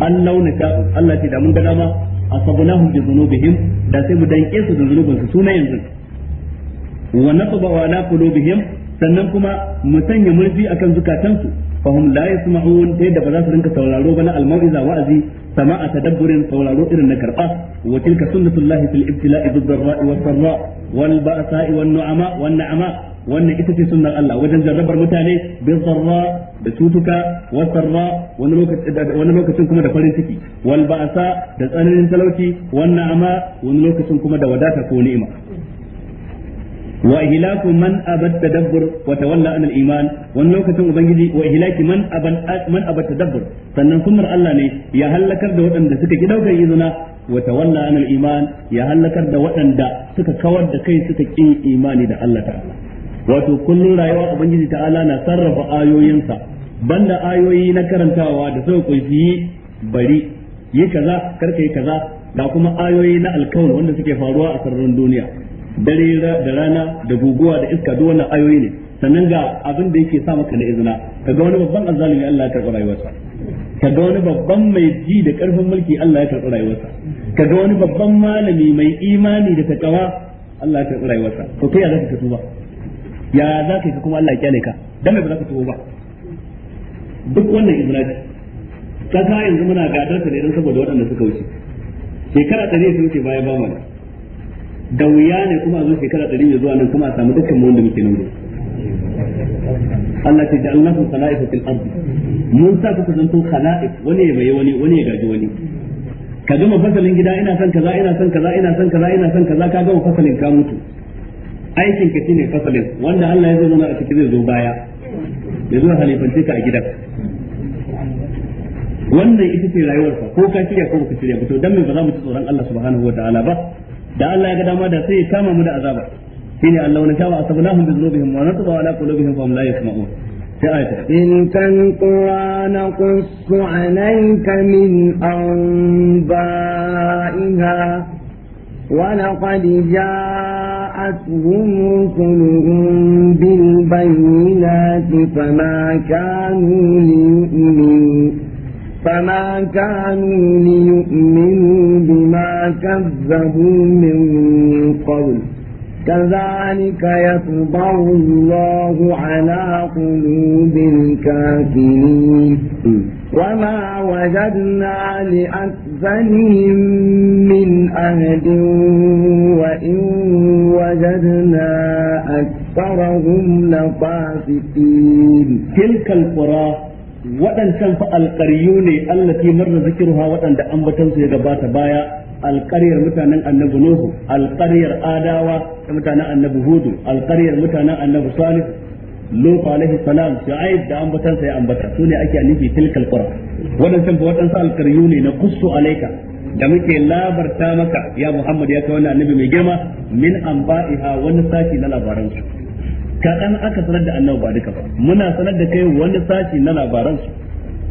an launa ta Allah ce da mun ga dama asabunahum bi dhunubihim da sai mu danke su da zunubin su sunan yanzu wa natba wa la qulubihim sannan kuma mu sanya murfi akan zukatansu fa hum la yasma'un ta yadda ba za su rinka sauraro ba na al-mau'iza wa'azi سماع تدبر قولارو إرن نكرقة وتلك سنة الله في الابتلاء بالضراء والضراء والبأساء والنعماء والنعماء وأن إتتي سنة الله وجن جربر متاني بالضراء بسوتك والضراء وأن لوك سنكم دا فلنسكي والبأساء دا سألين تلوكي والنعماء وأن لوك سنكم دا وداتا كونئمة wa ihlaku man abad tadabbur wa tawalla an al lokacin ubangiji wa man aban man sannan sunnar Allah ne ya halakar da waɗanda suka ki daukar izina wa tawalla an al ya halakar da waɗanda suka kawar da kai suka ki imani da Allah ta'ala wato kullun rayuwa ubangiji ta'ala na sarrafa ayoyinsa banda ayoyi na karantawa da suka kunshi bari yi kaza karka yi kaza da kuma ayoyi na alkawun wanda suke faruwa a sararin duniya dare da rana da guguwa da iska duk wannan ayoyi ne sannan ga abin da yake sa maka na izina kaga wani babban azzalimi Allah ya karɓi rayuwarsa kaga wani babban mai ji da karfin mulki Allah ya karɓi rayuwarsa kaga wani babban malami mai imani da takawa Allah ya karɓi rayuwarsa to kai ya zaka ka tuba ya zaka ka kuma Allah ya kyale ka dan mai ba zaka tuba ba duk wannan izina ce kasa yanzu muna gadar ta ne dan saboda waɗanda suka wuce shekara ɗari sun ce baya ba mana da wuya ne kuma a zo shekara ɗari ya zuwa nan kuma a samu dukkan mu wanda muke nan Allah ta ja'alna kum khala'ifa fil al'adu mun sa kuka zanto khala'if wani ya bayi wani wani ya gaji wani ka gama fasalin gida ina son kaza ina son kaza ina son kaza ina son kaza ka gama fasalin ka mutu aikin ka shine fasalin wanda Allah ya zo mana a cikin zai zo baya ya zo halifance ka a gidan wannan ita ce rayuwarsa ko ka shirya ko ka shirya ba to dan me ba za mu ci tsoron Allah subhanahu ta'ala ba da Allah ya ga dama da sai ya kama mu da azaba ne Allah wani a tawa asabnahum bizrubihim wa natba ala qulubihim fa hum la yasma'un sai ayata in kan qurana qussu alayka min anba'iha wa laqad جاءتهم na بالبينات فما كانوا ليؤمنوا فما كانوا ليؤمنوا بما كذبوا من قبل كذلك يطبع الله على قلوب الكافرين وما وجدنا لأكثرهم من أهد وإن وجدنا أكثرهم لفاسقين تلك القرى waɗancan fa alƙaryu ne allati marra zikruha waɗanda ambatan su ya gabata baya alƙaryar mutanen annabi nuhu alƙaryar adawa da mutanen annabi hudu alƙaryar mutanen annabi salih lutu alaihi salam shu'aib da ambatan sa ya ambata su ne ake nufi tilkal qura waɗancan fa waɗansu alƙaryu ne na qussu alaika da muke labarta maka ya muhammad ya kai wannan annabi mai girma min anba'iha wani sashi na labaransu kaɗan aka sanar da annabi ba duka ba muna sanar da kai wani sashi na labaran su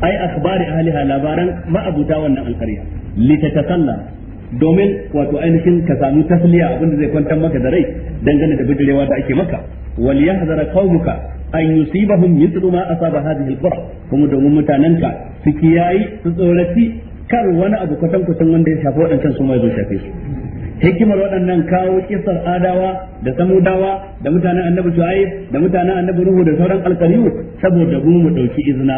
ai akhbari ahliha labaran ma'abuta wannan alƙarya litatasalla domin wato ainihin ka samu tasliya abinda zai kwantar maka da rai dangane da bijirewa da ake maka wal yahzar qaumuka an yusibahum mithlu ma asaba hadhihi alqura kuma domin mutananka su kiyayi su tsorati kar wani abu kwatan kwatan wanda ya shafi waɗancan su ma zo shafe su hikimar waɗannan kawo kisar adawa da samudawa da mutanen annabi shu'aib da mutanen annabi ruhu da sauran alkaliyu saboda mu mu dauki izina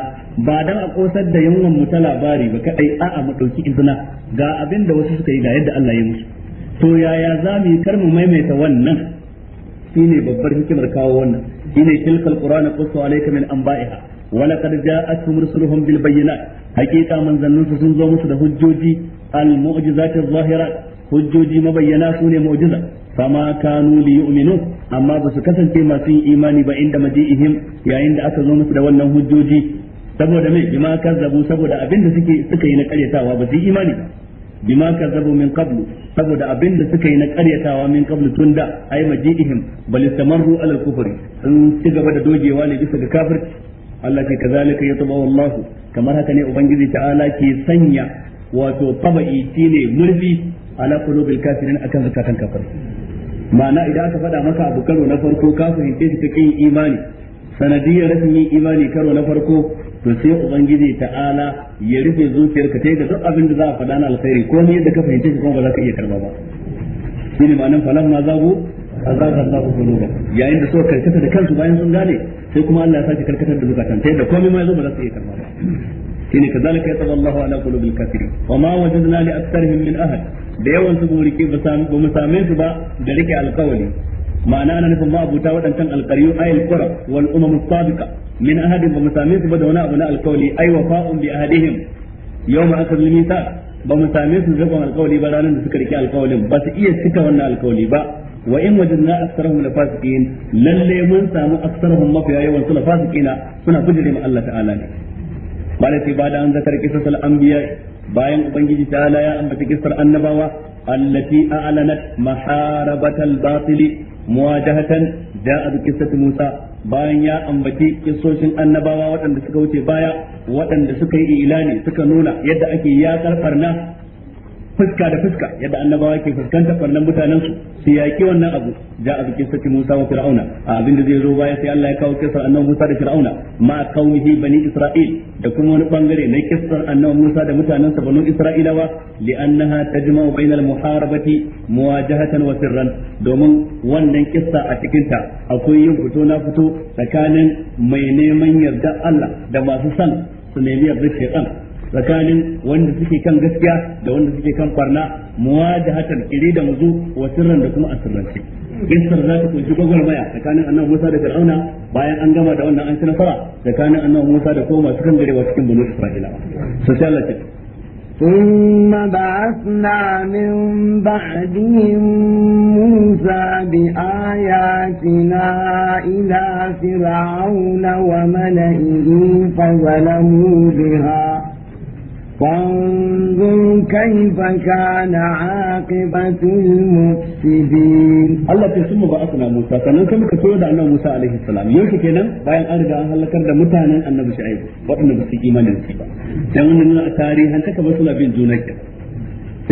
ba dan a kosar da yunwan mu ta labari ba kaɗai a mu dauki izina ga abin da wasu suka yi ga yadda Allah ya musu to yaya za mu yi kar mu maimaita wannan shine babbar hikimar kawo wannan shine tilkal qur'ana qussu alayka min anba'iha wa laqad ja'atuhum rusuluhum bil bayyinat haqiqa manzannun sun zo musu da hujjoji al zata zahirat hujjoji mabayyana su ne mu'jiza fama kanu li yu'minu amma ba su kasance masu yin imani ba inda maji'ihim yayin da aka zo musu da wannan hujjoji saboda me bima kazzabu saboda abin da suke suka yi na karyatawa ba su yi imani ba bima kazzabu min qablu saboda abin da suka yi na karyatawa min qablu tunda ay maji'ihim bal istamaru ala al-kufri sun ci gaba da dogewa ne bisa ga kafirci Allah ke kazalika yatba Allah kamar haka ne ubangiji ta'ala ke sanya wato tabai shine murfi ala qulubil kafirin akan zakatan kafir ma'ana idan aka faɗa maka abu karo na farko ka fahimce shi kake imani sanadiyar rashin yin imani karo na farko to sai ubangiji ta'ala ya rufe zuciyarka ta yadda duk abin da za a faɗa na alkhairi ko ne yadda ka fahimce shi kuma ba za ka iya karba ba ne ma'anan falan ma zagu azaga Allahu quluba yayin da suka karkata da kansu bayan sun gane sai kuma Allah ya sake karkatar da zakatan ta yadda komai ma yazo ba za su iya karba ba shine kazalika yataba Allahu ala qulubil kafirin wa ma wajadna li aktharihim min ahad da yawan su burike ba samu ba mu same su ba da rike alkawali ma'ana ana nufin ma abuta waɗancan alqariyu ayil qura wal umam sabiqa min ahadin ba mu same su ba da wani abu na alkawali ay wafa'un bi ahadihim yawma akadul mithaq ba mu same su zaban alkawali ba ranar da suka rike alkawalin ba su iya cika wannan alkawali ba wa in wajadna aktharahum la fasiqin lalle mun samu aktharahum mafiya yawan su la fasiqina suna bujire ma Allah ta'ala ne malati ba da an zakar kisasal anbiya bayan ubangiji ta ala ya ambata kisar annabawa allati a'lanat maharabatal batili muwajahatan ja'a bi qissati Musa bayan ya ambaci kissoshin annabawa waɗanda suka wuce baya waɗanda suka yi ilani suka nuna yadda ake ya farna fuska da fuska yadda annabawa ke fuskantar wannan mutanen su su yaki wannan abu ja a cikin saki Musa wa Fir'auna a abin da zai zo baya sai Allah ya kawo kisar annabi Musa da Fir'auna ma kaunihi bani Isra'il da kuma wani bangare na kisar annabi Musa da mutanen sa banu Isra'ilawa li'annaha tajma'u bainal muharabati muwajahatan wa sirran domin wannan kissa a cikin ta akwai yin fito na fito tsakanin mai neman yarda Allah da masu san su nemi yarda shaytan tsakanin wanda suke kan gaskiya da wanda suke kan kwarna hatar kiri da muzu wa sirran da kuma asirrance Gistar za ta kunshi gwagwarmaya tsakanin annabi Musa da Fir'auna bayan an gama da wannan an ci nasara tsakanin annabi Musa da kuma masu kan garewa cikin bunu Isra'ila. Sosai Allah ce. ثم بعثنا من بعدهم موسى بآياتنا إلى فرعون وملئه فظلموا بها فانظر كيف كان عاقبة المفسدين الله تسمى بأسنا موسى sannan sai muka koyo da annabi Musa alaihi salam yau kenan bayan an riga an halakar da mutanen annabi Shu'aib waɗanda ba su imanin su ba dan wannan sai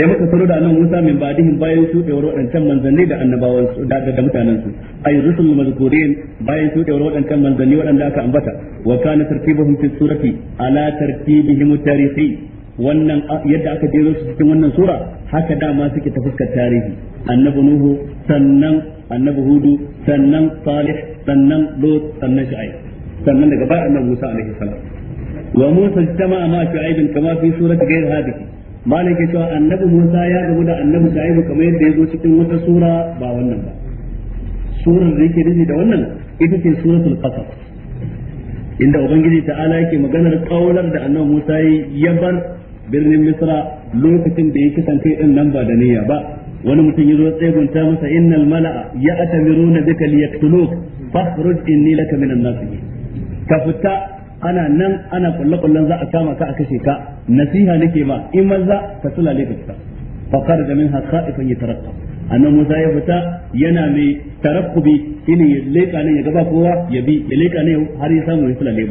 muka koyo da annabi Musa min badihin bayan su da waɗancan manzanni da annabawan su da da mutanen su ay rusul mazkurin bayan su da waɗancan manzanni waɗanda aka ambata wa kana tartibuhum fi surati ala tartibihim tarihi wannan yadda aka jero su cikin wannan sura haka dama suke ta fuskar tarihi annabi nuhu sannan annabi hudu sannan salih sannan lut sannan shu'aib sannan daga baya annabi musa alaihi salam wa musa jama ma shu'aib kama fi surati ghayr hadhihi malik ya cewa annabi musa ya gamu da annabi shu'aib kamar yadda ya zo cikin wata sura ba wannan ba surar da yake nufi da wannan ita ce suratul qasas inda ubangiji ta'ala yake maganar kaular da annabi musa ya bar birnin misra lokacin da ya kisan kai din nan ba da niyya ba wani mutum ya zo tsegunta masa innal mala'a ya atamiruna bika liyaktuluk fakhruj inni laka minan nasihin ka fita ana nan ana kulle za a kama ka a kashe ka nasiha nake ma in maza ka sulale ka fita fa kharaja minha khaifan yatarakka annan Musa ya fita yana mai tarakkubi shine ya leka ne ya gaba kowa ya bi ya leka ne har ya samu ya sulale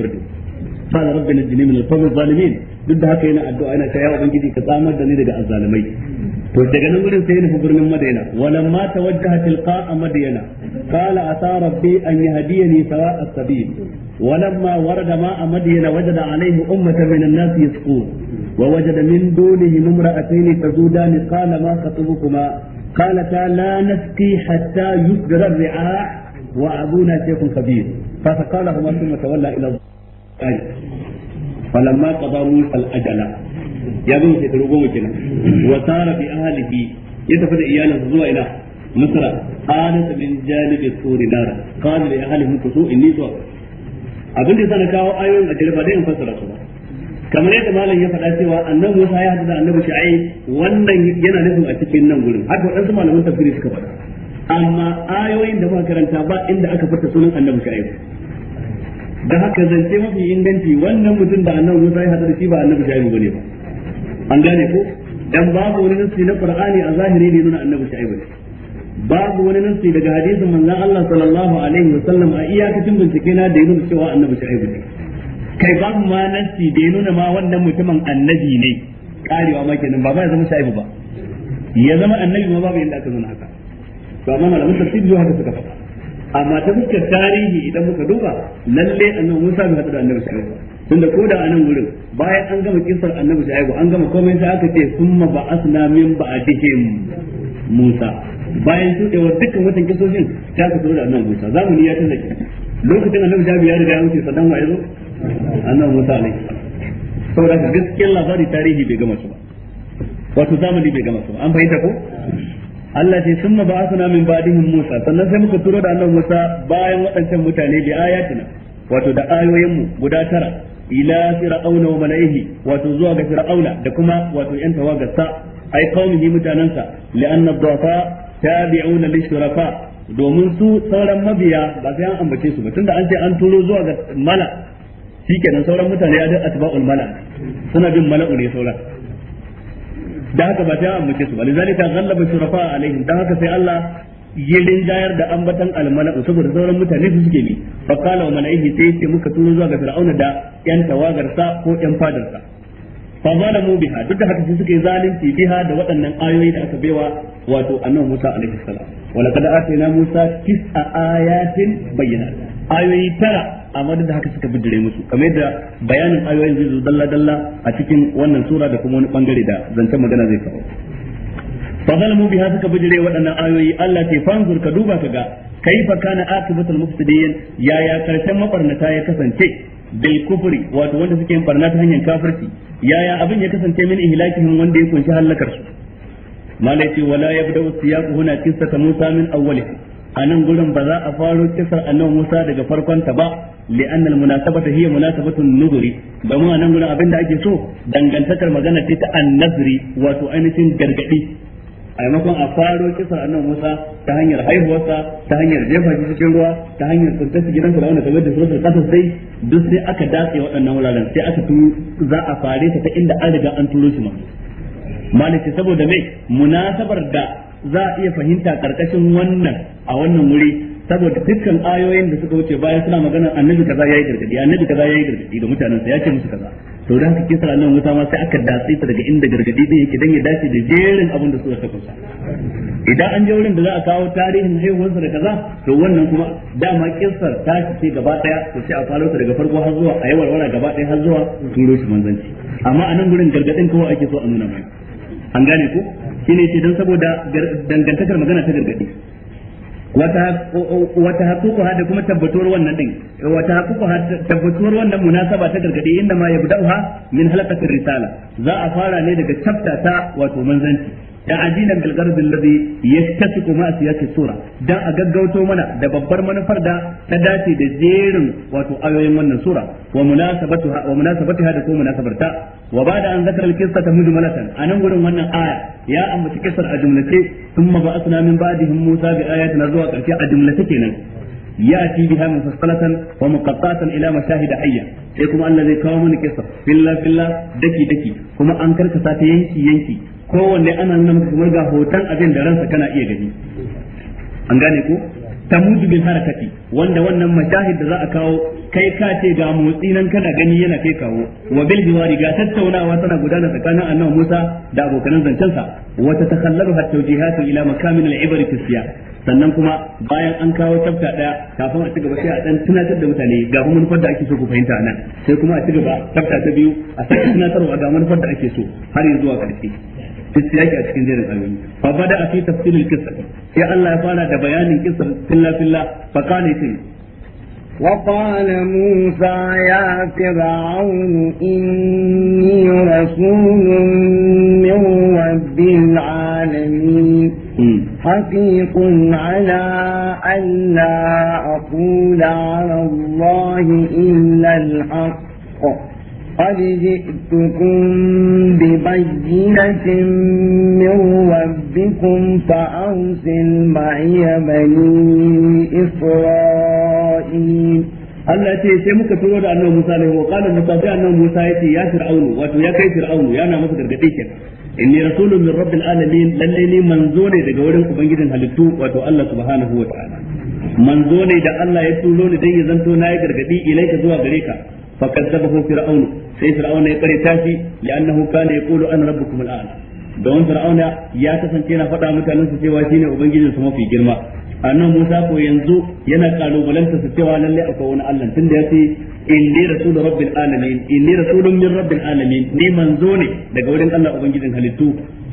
قال رب نجني من القوم الظالمين duk da haka yana addu'a yana ta ya ubangiji ka tsamar da ni daga azzalimai to daga nan gurin sai ya nufi birnin madaina walamma tawajjaha tilqa'a madaina qala asa rabbi an yahdiyani sawa'a sabil ولما ورد ماء مدين وجد عليه أمة من الناس يسقون ووجد من دونهم امرأتين تزودان قال ما خطبكما قالتا لا نسقي حتى يصدر الرعاع وأبونا شيخ كبير فسقى لهما ثم تولى إلى الظهر tsari falamma qada musa al-ajala ya gama shekaru goma kenan wa bi ya tafi da iyalansa zuwa ina misra anasa min janibi suri qala li inni abin da sana kawo ayoyin a jirba dai in fassara su ba kamar yadda malam ya faɗa cewa annabi ya annabi Shu'aib wannan yana a cikin nan gurin haka waɗansu malaman tafsiri suka faɗa amma ayoyin da muka karanta ba inda aka fata sunan annabi Shu'aib da haka zance mafi inganci wannan mutum da annabi Musa ya hada da shi ba annabi Shaibu bane ba an gane ko dan babu wani nasi na Qur'ani a zahiri ne nuna annabi Shaibu ne babu wani nasi daga hadisin manzon Allah sallallahu alaihi wasallam a iyakacin bincike na da ya nuna cewa annabi Shaibu ne kai babu ma nasi da ya nuna ma wannan mutumin annabi ne karewa ma kenan ba ba ya zama Shaibu ba ya zama annabi ma babu yanda aka nuna haka to amma malamin tafsir haka suka faɗa amma ta fuskar tarihi idan muka duba lalle annabi Musa bai hadu da annabi Shu'aibu tunda ko da anan wurin bayan an gama kisar annabi Shu'aibu an gama komai sai aka ce summa na min ba'dihim Musa bayan su shudewar dukkan watan kisoshin ta aka da annabi Musa zamani ya tana lokacin annabi Shu'aibu ya riga ya wuce sadan wa yanzu? annabi Musa ne saboda gaskiyar labari tarihi bai gama su ba wato zamani bai gama su an fahimta ko Allah ce sun ma asuna min badihin Musa sannan sai muka turo da Allah Musa bayan waɗancan mutane bi ayatina wato da ayoyinmu guda tara ila fir'auna wa malaihi wato zuwa ga fir'auna da kuma wato yan tawagarsa ai qaumihi mutanansa li'anna dhafa tabi'una lishurafa domin su sauran mabiya ba sai an ambace su ba tunda an ce an turo zuwa ga mala shikenan sauran mutane ya da atba'ul mala suna bin mala'u ne sauran da haka ba ta ambace su ba lizalika ghallaba shurafa alaihim da haka sai Allah ya rinjayar da ambatan almana saboda sauran mutane su suke ne fa qala wa malaihi sai ce muka turo zuwa ga fir'auna da yan tawagar sa ko yan fadar sa fa zalamu biha duk da haka sai suka yi zalunci biha da waɗannan ayoyi da aka baiwa wato annabi Musa alaihi salam wa laqad atayna Musa tis'a ayatin bayyinat ayoyi tara amma duk da haka suka bidire musu kamar yadda bayanin ayoyin zai zo dalla dalla a cikin wannan sura da kuma wani bangare da zancen magana zai kawo fa zalmu biha suka bidire waɗannan ayoyi Allah ce fanzur ka duba ka ga kaifa kana akibatul mufsidin yaya karshen mabarnata ya kasance bil kufri wato wanda suke yin barna ta hanyar kafirci yaya abin ya kasance min ihlakihim wanda ya kunshi halakar su malaiti wala yabda siyaqu huna qissata musa min awwalihi a nan gurin ba za a faro kisar annabi Musa daga farkonta ba li'anna al-munasabata hiya munasabatu nuzuri domin a nan gurin abin da ake so dangantakar magana ce ta annazri wato ainihin gargadi a maimakon a faro kisar annabi Musa ta hanyar haihuwarsa ta hanyar jefa shi cikin ruwa ta hanyar tsunta shi gidan wanda kamar da sosai kasar sai duk sai aka dace waɗannan wuraren sai aka tu za a fare ta ta inda an riga an turo shi ma malaka saboda mai munasabar da za a iya fahimta karkashin wannan a wannan wuri saboda dukkan ayoyin da suka wuce baya suna magana annabi kaza yayi gargadi annabi kaza yayi gargadi ga mutanen sa ya ce musu kaza to da haka kisa annabi Musa ma sai aka datsi ta daga inda gargadi din yake dan ya dace da jerin abin da suka saka idan an je wurin da za a kawo tarihin haihuwarsa da kaza to wannan kuma dama kissar ta ce gaba daya to sai a faro ta daga farko har zuwa a yawarwara gaba daya har zuwa turo shi manzanci amma a nan gurin gargadin kawai ake so a nuna mai an gane ku ne ce don saboda dangantakar magana ta gargadi wata haƙuƙu da kuma tabbatuwar wannan din wata haƙuƙu tabbatuwar wannan munasaba ta gargadi inda ma yabda'uha min halaqatir risala za a fara ne daga chapter ta wato manzanci Da ta'jilan bil gharb alladhi yattasiqu a siyaqi sura dan a gaggauto mana da babbar manufar da ta dace da jerin wato ayoyin wannan sura wa munasabatuha wa da ko munasabarta wa ba'da an zakara al qissata a anan gurin wannan aya ya ambaci kissar a jumlace thumma ba'athna min ba'dihim musa bi ayatina zuwa karshe a jumlace kenan ياتي بها wa ومقطعة الى da ayya, sai kuma Allah zai kawo mana kisa billa billa daki daki kuma an karkasa ta yanki yanki kowanne ana nuna maka kamar ga hoton abin da ransa kana iya gani an gane ko tamudu bin harakati wanda wannan mashahid da za a kawo kai ka ce ga motsi nan kana gani yana kai kawo wa bil jiwari ga tattaunawa tana gudana tsakanin annabi Musa da abokan zancensa ta tatakhallalu hatta jihatu ila makamin al ibri fi sannan kuma bayan an kawo tafta daya kafin a ci gaba sai a dan tunatar da mutane ga manufar da ake so ku fahimta nan sai kuma a ci gaba tafta ta biyu a sake tunatarwa ga manufar da ake so har zuwa karshe duk sai yake a cikin jerin ayoyi fa bada a fi tafsiril qissa sai Allah ya fara da bayanin qissa filla filla fa kana ce وقال موسى يا فرعون إني رسول من رب العالمين حقيق على أن لا أقول على الله إلا الحق قد جئتكم ببينة من ربكم فأرسل معي بني إسرائيل Allah ce sai muka turo da annabi Musa ne wa qala Musa sai annabi Musa yace ya fir'aunu wato ya kai fir'aunu yana masa gargadi kenan inni rasulun min rabbil alamin lalle ni manzo ne daga wurin ubangijin halittu wato Allah subhanahu wa ta'ala manzo ne da Allah ya turo ni dai ya zanto na yi gargadi ilaika zuwa gare ka fa fakazzabahu fir'aunu sai fir'auna ya kare tashi li'annahu ya yaqulu ana rabbukum al'ala don fir'auna ya kasance yana faɗa mutanen su cewa shine ubangijin su mafi girma annan Musa ko yanzu yana kalubalanta su cewa lalle akwai wani Allah tun da yace inni rasul rabbil alamin inni rasulun min rabbil alamin ni manzo ne daga wurin Allah ubangijin halittu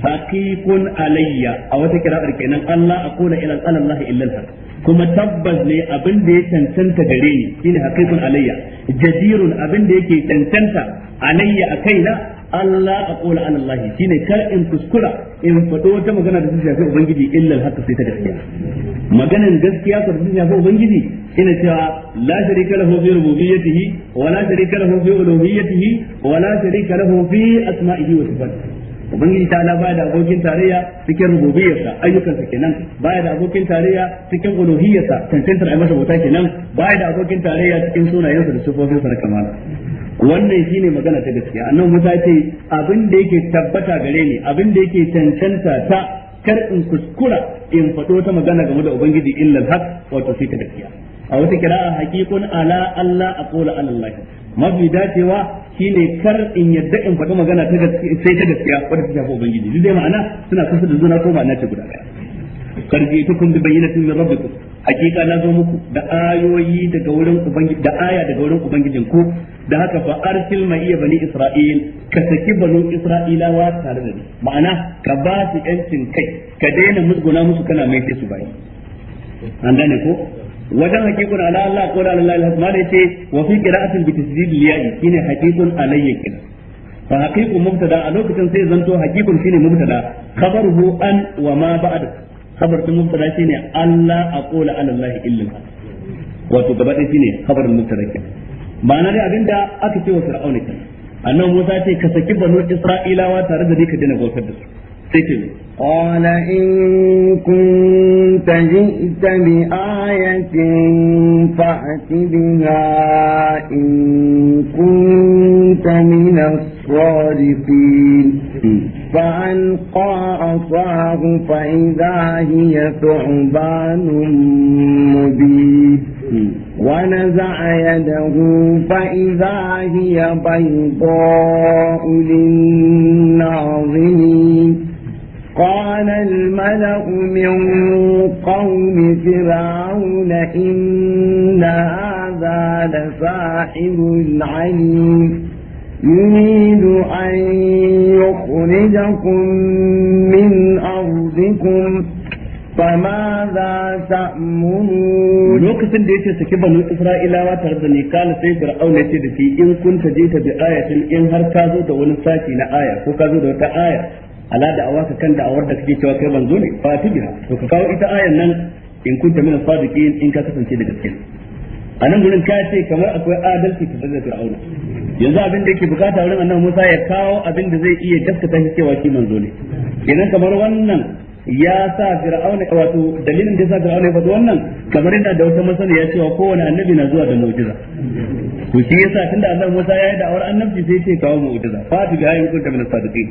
haqiqun alayya a wata kira'ar kenan Allah akuna ila Allah illa al kuma tabbas ne abin da ya cancanta gare ni shine haqiqun alayya jadirun abin da yake cancanta alayya a kaina Allah a ƙola an Allah shine kar in kuskura in faɗo wata magana da ta shafi Ubangiji illa haka sai ta gaskiya maganan gaskiya ta shafi Ubangiji ina cewa la sharika lahu fi rububiyyatihi wa la sharika lahu fi uluhiyyatihi wa la sharika lahu fi asma'ihi wa sifatihi ubangiji ta ala baya da abokin tarayya cikin rububiyarsa ayyukansa kenan baya da abokin tarayya cikin uluhiyarsa cancantar ai masa bauta kenan baya da abokin tarayya cikin sunayensa da sifofinsa da kamala wannan shine magana ta gaskiya annabi Musa ce abin da yake tabbata gare ni abin da yake cancanta ta kar in kuskura in faɗo ta magana game da ubangiji illa haq wato sai ta gaskiya a wata kira'a haqiqun ala Allah aqulu anallahi mafi dacewa shine kar in yadda in faɗi magana ta gaskiya sai ta gaskiya wadda ta shafi ubangiji duk dai ma'ana suna kusa da zuna ko ma'ana ce guda ɗaya ji ta kun bi bayyinatin min rabbikum hakika na zo muku da ayoyi daga wurin ubangiji da aya daga wurin ubangijin ku da haka fa arsil ma iya bani isra'il ka saki banu isra'ilawa tare da ni ma'ana ka ba su yancin kai ka daina musguna musu kana mai su bayi an gane ko wajen hakikun ala Allah ko da Allah al-hasma da yace wa fi qira'atin bi tasdid al-ya'i shine hakikun alayya kin fa haqiqun mubtada a lokacin sai zanto hakikun shine mubtada khabaruhu an wa ma ba'd khabar din mubtada shine Allah aqula ala Allah illa wato gaba ɗaya shine khabarin mubtada kin ma'ana dai abinda aka ce wa fir'auna kin annabi Musa ce ka saki banu Isra'ilawa tare da ni ka dina bautar da su sai ce قال إن كنت جئت بآية فأت بها إن كنت من الصادقين فألقى عصاه فإذا هي ثعبان مبين ونزع يده فإذا هي بيضاء للناظرين قال الملأ من قوم فرعون إن هذا لساحر عليم يريد أن يخرجكم من أرضكم فماذا تأمرون لوكسن دي تسكي بنو إسرائيلاوا تردني قال سي فرعون يتي دي إن كنت جيت بآية إن هر كازو دون ساكي لآية كو كازو دون آية ala da'awaka kan da'awar da kake cewa kai manzo ne fa tijira to ka kawo ita ayan nan in kunta min sadiqin in ka kasance da gaskiya a nan gurin ka ce kamar akwai adalci ta da aure. yanzu abin da yake bukata wurin annabi Musa ya kawo abin da zai iya gaskata shi cewa shi manzo ne idan kamar wannan ya sa fir'auna wato dalilin da ya sa fir'auna ya faɗi wannan kamar yana da wata masana ya cewa kowane annabi na zuwa da mu'jiza to shi yasa tunda Allah Musa ya yi da'awar annabi sai ce kawo mu'jiza fa bi in kunta min sadiqin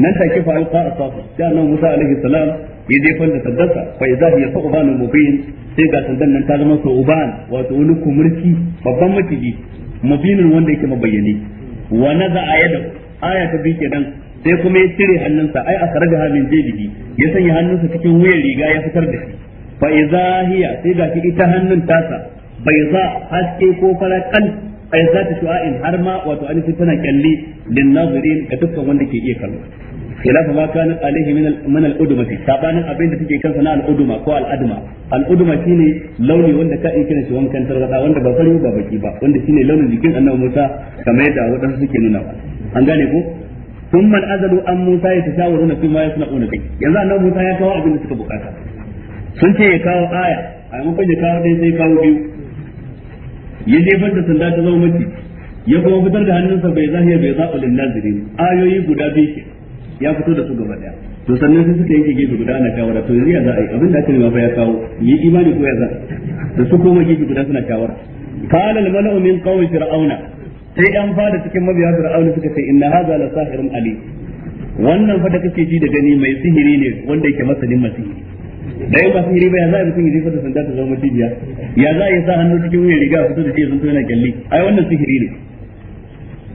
nan take fa alqa asafa ya nan Musa alaihi salam ya je fanda saddarsa fa idza hiya thuban mubin sai ga sandan nan ta zama thuban wato wani kumurki babban maciji mubinin wanda yake mabayyane wa naza'a yadu aya ta bi kenan sai kuma ya cire hannunsa ai akhrajaha min jibihi ya sanya hannunsa cikin wuyan riga ya fitar da shi fa idza hiya sai ga ita hannun tasa bai za haske ko fara kan ay zata shu'a'in har ma wato an tana kyalli lin nazirin ga dukkan wanda ke iya kallo khilafa ma kana alaihi min al min al fi sabanin abin da take kansa na al uduma ko al adma al uduma shine launi wanda ka iya shi wankan targada wanda ba fari ba baki ba wanda shine launin jikin annabi Musa kamar yadda wadansu suke nuna an gane ko an Musa ثم الأذل أن موسى ya suna يصنعون kai yanzu annabi Musa ya kawo abin da suka bukata sun ce ya kawo aya a mun ya kawo dai sai kawo biyu ya jefar da sanda ta zama mace ya kuma fitar da hannunsa bai zahiya bai zaɓa lin nazirin ayoyi guda biyu ke ya fito da su gaba daya to sannan sai suka yanke gefe guda ana shawara to yanzu ya za a yi abin da aka nema fa ya kawo yi imani ko ya za da su koma gefe guda suna shawara qala al mala'u min qawmi fir'auna sai an fada cikin mabiya fir'auna suka ce inna hadha la sahirun ali wannan fa da kake ji da gani mai sihiri ne wanda yake masanin masihiri da yau ba su riba ba ya za a mutum ya jefa da sanda ta zama macijiya ya za a yi sa hannu cikin wuyan riga a fito da shi ya zanto yana kyalli ai wannan sihiri ne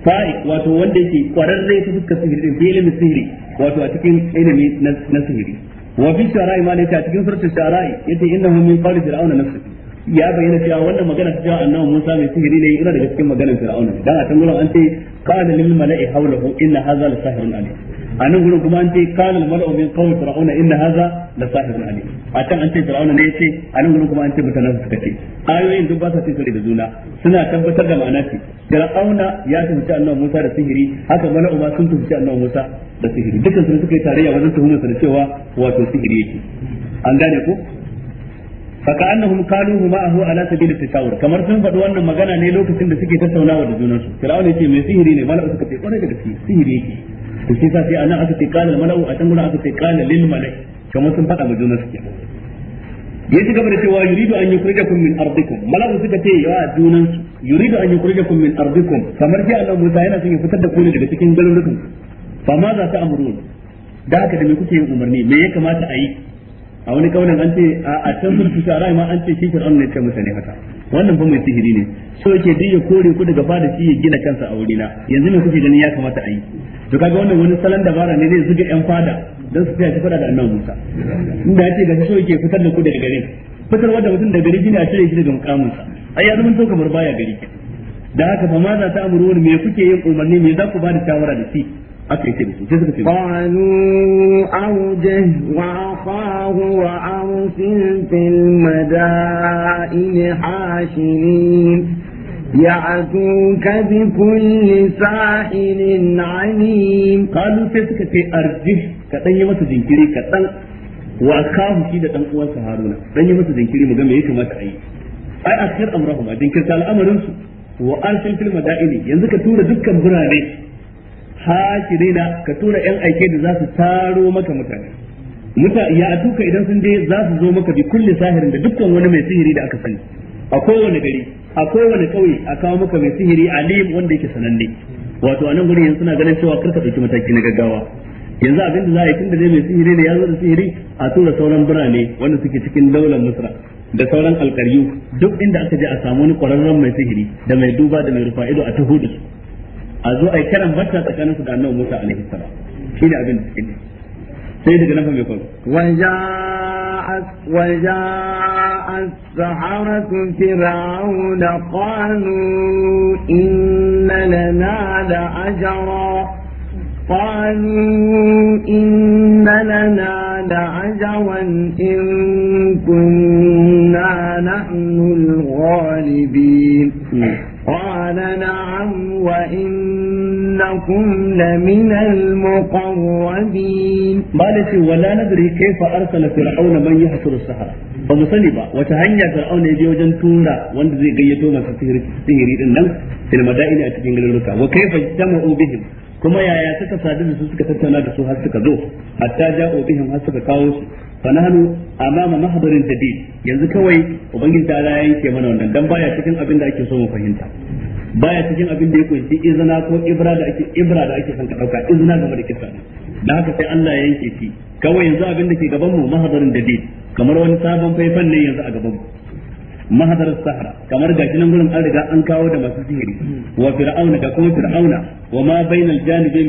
fa'i wato wanda yake kwararre ta fuskar sihiri din filin sihiri wato a cikin ilimi na sihiri wa fi shara'i ma a cikin suratul shara'i yace innahu min qawli fir'auna nafsi ya bayyana cewa wannan magana ta cewa annabi Musa mai sihiri ne yana daga cikin maganar fir'auna dan a tangulan an ce qala lil mala'i hawlahu inna hadha la sahirun alim A anan gurin kuma an ce kana al-mar'u min qawmi fir'auna inna hadha la sahibun alim a can an ce fir'auna ne yace anan gurin kuma an ce mutanen suka ce ayoyin duk ba sa cin da juna suna tabbatar da ma'ana ce fir'auna ya tuhunci annabi Musa da sihiri haka mala'u ma sun tuhunci annabi Musa da sihiri dukkan su suka yi tarayya wajen tuhumar sa da cewa wato sihiri yake an gane ko faka annahum kaluhu ma'ahu ala sabili tashawur kamar sun faɗi wannan magana ne lokacin da suke tattaunawa da junansu fir'auna yace mai sihiri ne mala'u suka ce kwarai sihiri to shi sai anan aka ce kana malau a can gurin aka ce kana lil malai kamar sun faɗa ga juna suke ya ci gaba da cewa yuridu an yukhrijakum min ardikum malau suka ce ya junan su yuridu an yukhrijakum min ardikum kamar ji Allah Musa yana son ya fitar da ku daga cikin garurukan fa ma za ta amrun da haka da me kuke yin umarni me ya kamata a yi a wani kaunan an ce a can sun fi shara ma an ce shi fir'aun ne ce mutane haka wannan ba mai sihiri ne so yake dai ya kore ku daga fada shi ya gina kansa a wurina yanzu me kuke ganin ya kamata a yi to kaga wannan wani salon dabara ne zai zuga yan fada dan su tsaya fada da annabi Musa inda yake ga so yake fitar da ku daga garin Fitar wanda mutum daga gari shine a cire shi daga mukaminsa ai ya zama to kamar baya gari da haka fa ma za ta amuru me kuke yin umarni me za ku ba shawara da shi aka yi da su sai suka ce يأتوك بكل ساحل عليم قالوا سيسك في أرجه كتن يمت جنكري كتن وأخاه شيدة تنقوى سهارونا كتن يمت جنكري مجمع كما تأيي ai akhir amrahum a jinkirta al'amarin su wa arsil yanzu ka tura dukkan birane hashirina ka tura yan aike da za su taro maka mutane muta ya tuka idan sun je za su zo maka bi kulli sahirin da dukkan wani mai sihiri da aka sani a kowane gari a kowane kauye a kawo maka mai sihiri alim wanda yake sananne wato a nan gurin yanzu suna ganin cewa karka dauki mataki na gaggawa yanzu abin da za a yi tunda dai mai sihiri ne ya zo da sihiri a tura sauran birane wanda suke cikin daular misra da sauran alkaryu duk inda aka je a samu wani kwararren mai sihiri da mai duba da mai rufa ido a tahudu a zo a yi karan barka tsakanin su da annabi Musa alaihi salam shi ne abin da suke ne sai daga nan fa mai wa ja'at wa ja'at fir'auna qalu inna lana la ajra قالوا إن لنا لعجوا إن كنا نحن الغالبين قال نعم وإنكم لمن المقربين مالتي ولا ندري كيف أرسل فرعون من يحصر السحرة فمصنبا با وتهنيا فرعون يجي وجن تورا وند زي قيتو ما سحري سحري إنن في المدائن أتجين وكيف اجتمعوا بهم kuma yaya suka sadu da su suka tattauna da su har suka zo hatta ja'u bihim har suka kawo su fa nahnu amama mahdarin jadid yanzu kawai ubangin ta ya yanke mana wannan dan baya cikin abin da ake so mu fahimta baya cikin abin da ya kunshi izina ko ibra da ake ibra da ake son ka dauka izina ga da kisa dan haka sai Allah ya yanke shi kawai yanzu abin da ke gaban mu mahdarin jadid kamar wani sabon faifan ne yanzu a gaban mu mahadar sahara kamar ga nan gurin an riga an kawo da masu sihiri wa fir'auna da kuma fir'auna wa ma bainal janibi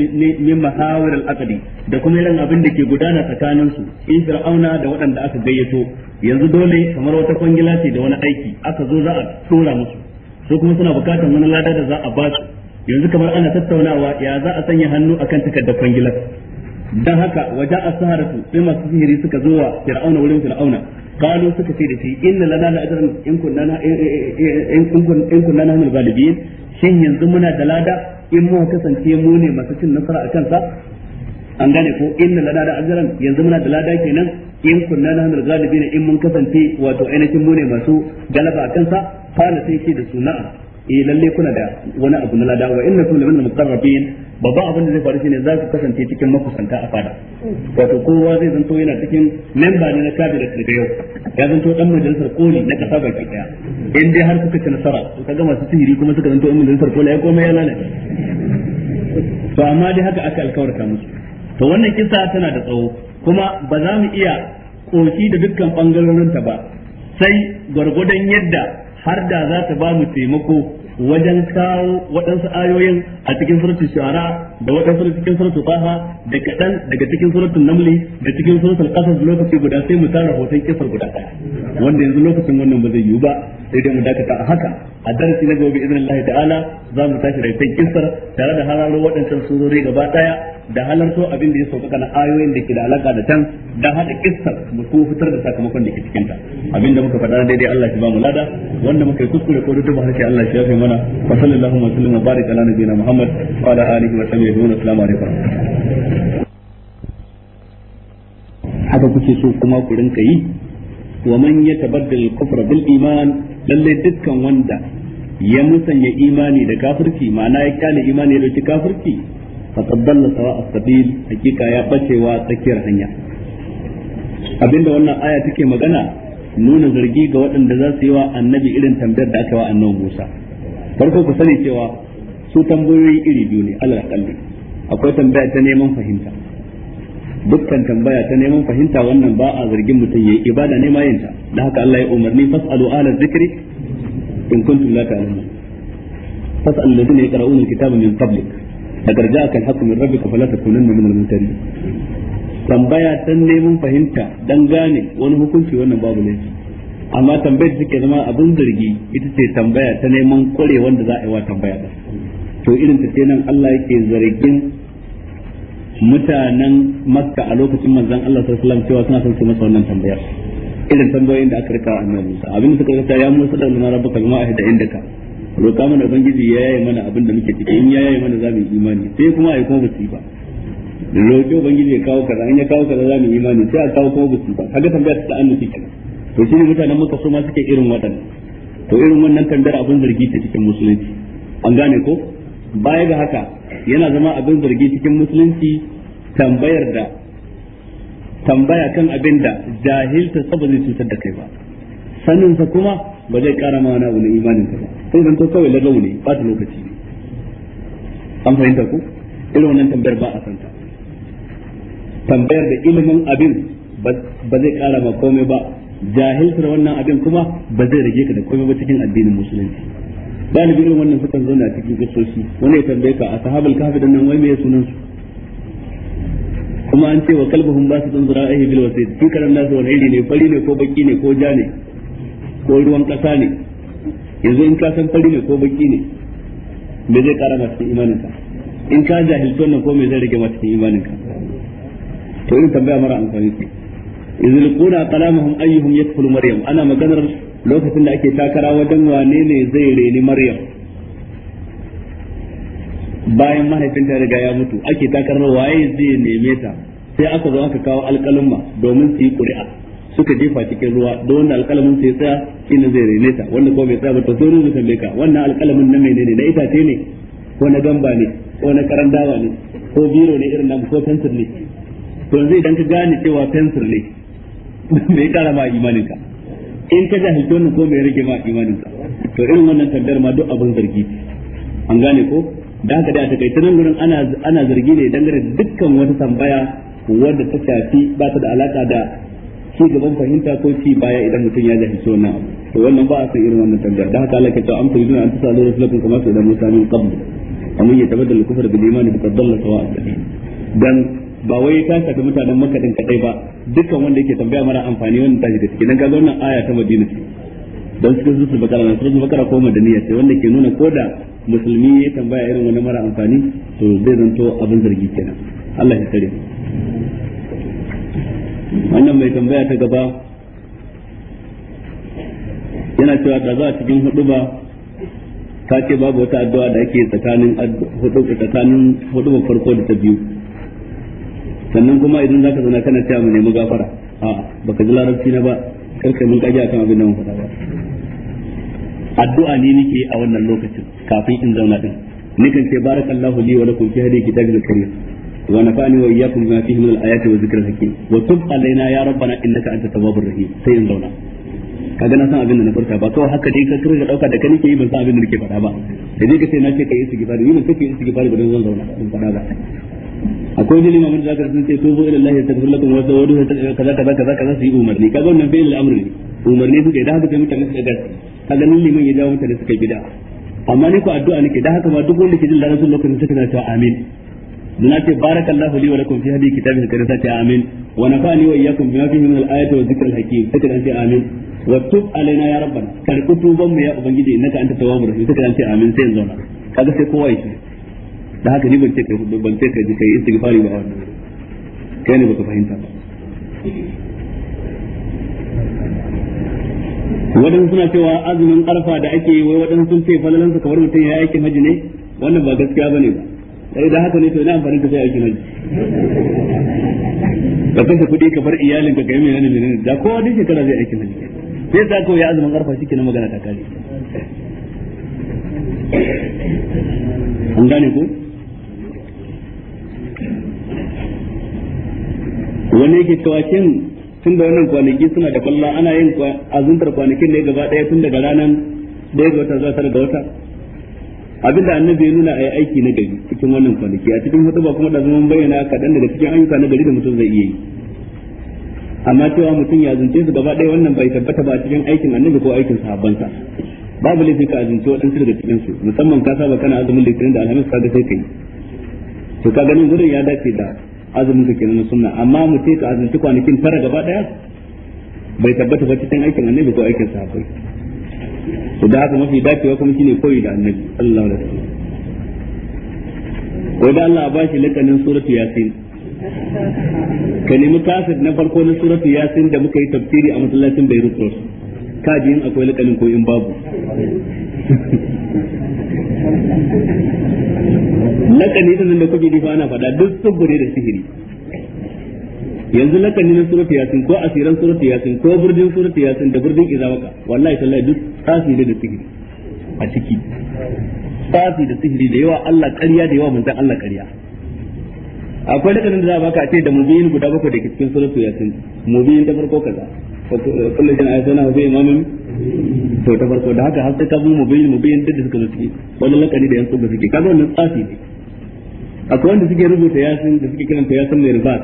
min mahawir al-aqdi da kuma irin abin da ke gudana tsakanin su in fir'auna da waɗanda aka gayyato yanzu dole kamar wata kwangila ce da wani aiki aka zo za a tura musu su kuma suna bukatar wani lada da za a ba su yanzu kamar ana tattaunawa ya za a sanya hannu akan takardar kwangilar dan haka waja as-saharatu sai masu sihiri suka zo wa fir'auna wurin fir'auna قالوا سكتي إن لنا لأجرا إن كنا إن كنا نحن الغالبين shin yanzu muna da lada in muka kasance mu ne masu cin nasara a kansa an gane ko inna lana da ajran yanzu muna da lada kenan in kunna na hanul galibina in mun kasance wato ainihin mu ne masu galaba a kansa fara sai da suna'a eh lalle kuna da wani abu na in na innakum minna muqarrabin babban abin da zai faru shine za ku kasance cikin makusanta a fada wato kowa zai zanto yana cikin memba ne na kabi da kirbe yau ya zanto dan majalisar koli na kasa baki daya in dai har suka ci nasara to kaga masu sihiri kuma suka zanto dan majalisar koli ya komai ya lalace to amma dai haka aka alkawarta musu to wannan kisa tana da tsawo kuma ba za mu iya koki da dukkan bangarorinta ba sai gwargwadon yadda har da za ta ba mu taimako wajen kawo waɗansu ayoyin a cikin suratun shara da waɗansu cikin suratun taha da kaɗan daga cikin suratun namli da cikin suratun qasas lokaci guda sai mu tara hoton kisar guda ɗaya wanda yanzu lokacin wannan ba zai yiwu ba sai dai mu dakata a haka a darasi na gobe idan Allah ta'ala za mu tashi raifin kissar tare da halalo waɗancan surori gaba daya da halarto abin da ya sauka na ayoyin da ke da alaka da tan da hada kissar mu ko fitar da sakamakon da ke cikin ta abinda muka faɗa daidai Allah shi ba mu lada wanda muka yi kuskure ko duk ba harshe Allah shi ya fi mana wa sallallahu wa sallam wa barik ala nabiyina Muhammad wa ala alihi wa sahbihi wa sallam alaikum haka kuke so kuma ku rinka yi ومن يتبدل الكفر بالإيمان Lallai dukkan wanda ya musanya imani da kafirci ma'ana ya kyale imani ya dauki kafirci faqad sawa as-sabil hakika ya bacewa tsakiyar hanya abinda wannan aya take magana nuna zargi ga waɗanda za su yi wa annabi irin tambayar da aka wa annabi Musa farko ku sani cewa su tambayoyi iri biyu ne alal akwai tambaya ta neman fahimta dukkan tambaya ta neman fahimta wannan ba a zargin mutum yayi ibada ne ma yinta dan haka Allah ya umarni fasalu ala zikri in kuntum la ta'lamun fasal ladina yaqra'una alkitaba min qablik agar kan alhaqqu min rabbika fala takunanna min almumtarin tambaya ta neman fahimta dan gane wani hukunci wannan babu ne amma tambayar take zama abin zargi ita ce tambaya ta neman kwarewa wanda za a yi wa tambaya ba. to irin ta sai nan Allah yake zargin mutanen makka a lokacin manzon Allah sallallahu alaihi wasallam cewa suna son su masa wannan tambayar irin tambayoyin da aka rika annabi Musa abin da suka rika ya Musa da na rabbaka a ahda indaka roƙa mana ubangiji ya yaye mana abin da muke ciki in ya yaye mana zamu imani sai kuma ai kuma basu ba roƙi ubangiji ya kawo kaza in ya kawo kaza zamu imani sai a kawo kuma basu ba kaga tambaya ta annabi kenan to ne mutanen maka su ma suke irin wadannan to irin wannan tambayar abin zargi ta cikin musulunci an gane ko baya ga haka yana zama abin zargi cikin musulunci tambayar da tambaya kan abin da jahilta saboda zai cutar da kai ba sanin sa kuma ba zai kara ma wani abu na imanin ka ba sai zan to kawai lagau ne ba ta lokaci ne an fahimta ku irin wannan tambayar ba a santa tambayar da ilimin abin ba zai kara ma komai ba jahiltar wannan abin kuma ba zai rage ka da komai ba cikin addinin musulunci galibin wannan sukan zo na cikin kusoshi wani ya tambaye ka a sahabal kafi dan nan wai me sunan su kuma an ce wa kalbuhum ba su dan zira'ihi bil wasid dukkan nasu wani iri ne fari ne ko baki ne ko ja ne ko ruwan kasa ne yanzu in ka san fari ne ko baki ne me zai kara ma cikin imaninka in ka jahilci wannan ko me zai rage ma cikin imaninka to in tambaya mara amfani ce izulquna qalamahum ayyuhum yadkhulu maryam ana maganar lokacin da ake takara wajen wane ne zai reni maryam bayan mahaifinta riga ya mutu ake takarar waye zai neme ta sai aka zo aka kawo alkalumma domin su yi ƙuri'a suka jefa cikin ruwa don wanda alkalamin sai tsaya ina zai rene ta wanda kuma bai tsaya ba ta sai ruzu tambaye ka wannan alƙalamin na menene na itace ne ko na gamba ne ko na karan dawa ne ko biro ne irin namu ko fensir ne to yanzu idan ka gane cewa fensir ne bai kara ma imanin ka in ka jahil wannan ko bai rage ma imanin ka to irin wannan tabbar ma duk abin zargi an gane ko da haka da a takaice nan gurin ana ana zargi ne dangane da dukkan wata tambaya wadda ta shafi ba ta da alaka da ci gaban fahimta ko ci baya idan mutum ya jahilci wannan to wannan ba a san irin wannan tabbar da haka Allah ke cewa an fi an an tsalo rasulullahi kamar su da Musa min qabl amma ya tabaddal kufra bil iman faqad dalla sawa'a dan ba wai ta shafi mutanen makka din kadai ba dukkan wanda yake tambaya mara amfani wannan ta shiga cikin ga wannan aya ta madina ce dan cikin sutul bakara na sutul bakara ko madaniya ce wanda ke nuna ko da musulmi ya tambaya irin wani mara amfani to zai zanto abin zargi kenan Allah ya kare wannan mai tambaya ta gaba yana cewa da za a cikin hudu ba ta ce babu wata addu'a da ake tsakanin hudu tsakanin hudu farko da ta biyu sannan kuma idan zaka zauna kana cewa mu nemi gafara a baka ji larabci na ba karka mun kaji akan abin da mun faɗa ba addu'a ne nake a wannan lokacin kafin in zauna din nikan ce barakallahu li wa lakum fi hadhihi kitabil karim wa nafa'ani wa iyyakum bima fihi min al-ayati wa dhikril hakim wa tub alaina ya rabbana innaka antat tawwabur rahim sai in zauna kaga na san abin da na furta ba kawai haka dai ka kira ka dauka da kai ke yi ban san abin da nake faɗa ba sai dai ka ce na ce kai istighfar ni ban kake istighfar ba dan zan zauna ban faɗa ba akwai dalilin na wanda zaka sun ce to zo ila Allah ya tafi lakum wa zawadu kaza kaza kaza kaza su yi umarni kaga wannan bai da ne umarni suka yi da haka sai mutane suka gaci kaga nan liman ya jawo mutane su suka bida amma ni ko addu'a nake da haka ma duk wanda ke jin da larabcin lokacin suka na cewa amin dan ce barakallahu li wa lakum fi hadhihi kitabin kada ta ce amin wa nafa'ani wa iyyakum bima fihi min al-ayati wa dhikril hakim suka cewa amin wa tub alaina ya rabbana karbi tuban mu ya ubangiji innaka anta tawwabur rahim suka cewa amin sai yanzu kaga sai kowa yake da haka ni ban ce ban ce kai kai istighfari ba wannan kai ne baka fahimta ba wadansu suna cewa azumin karfa da ake yi wai wadansu sun ce falalansa kamar mutum ya aikin haji ne wannan ba gaskiya bane ba sai da haka ne to ina amfani da sai aikin haji ka kanta kuɗi ka bar iyalin ka ga kai menene menene da kowa duk shekara zai aikin haji sai da kawai ya azumin karfa shi na magana ta kare an gane ko wani yake cewa kin tun da wannan kwanaki suna da kwallo ana yin azuntar kwanakin ne gaba ɗaya tun daga ranar ɗaya ga wata zuwa tara ga wata abinda annabi ya nuna a yi aiki na gari cikin wannan kwanaki a cikin hutuba kuma da zaman bayyana kaɗan daga cikin ayyuka na gari da mutum zai iya yi amma cewa mutum ya zunce su gaba ɗaya wannan bai tabbata ba a cikin aikin annabi ko aikin sahabbansa babu laifi ka azunce waɗansu daga cikin su musamman ka saba kana azumin litinin da alhamis ga sai kai to ka ganin gurin ya dace da azumin ka kenan sunna amma mu ce ka azumci kwanakin tara gaba daya bai tabbata ba cikin aikin annabi ko aikin sahabbai to da haka mafi dacewa kuma shine koyi da annabi sallallahu alaihi wasallam wai da Allah ba shi lakanin suratul yasin ka nemi kasir na farko na suratul yasin da muka yi tafsiri a masallacin Beirut Road ka ji in akwai lakanin ko in babu lakani din da kuke difa ana faɗa duk sabbure da sihiri yanzu lakani na surati yasin ko asiran surati yasin ko burdin surati yasin da burdin izamaka wallahi tallahi duk tsafi ne da sihiri a ciki tsafi da sihiri da yawa Allah ƙarya da yawa manzon Allah ƙarya akwai lakanin da za a baka a ce da mubiyin guda bakwai da ke cikin suratu yasin mubiyin ta farko kaza kullu jin ayatu na hufi imamin to ta farko da haka har sai ka mu mubiyin mubiyin da suka zo ciki wannan lakani da yan tsubu suke kaga wannan tsafi ne akwai wanda suke rubuta yasin da suke kiranta yasin mai riba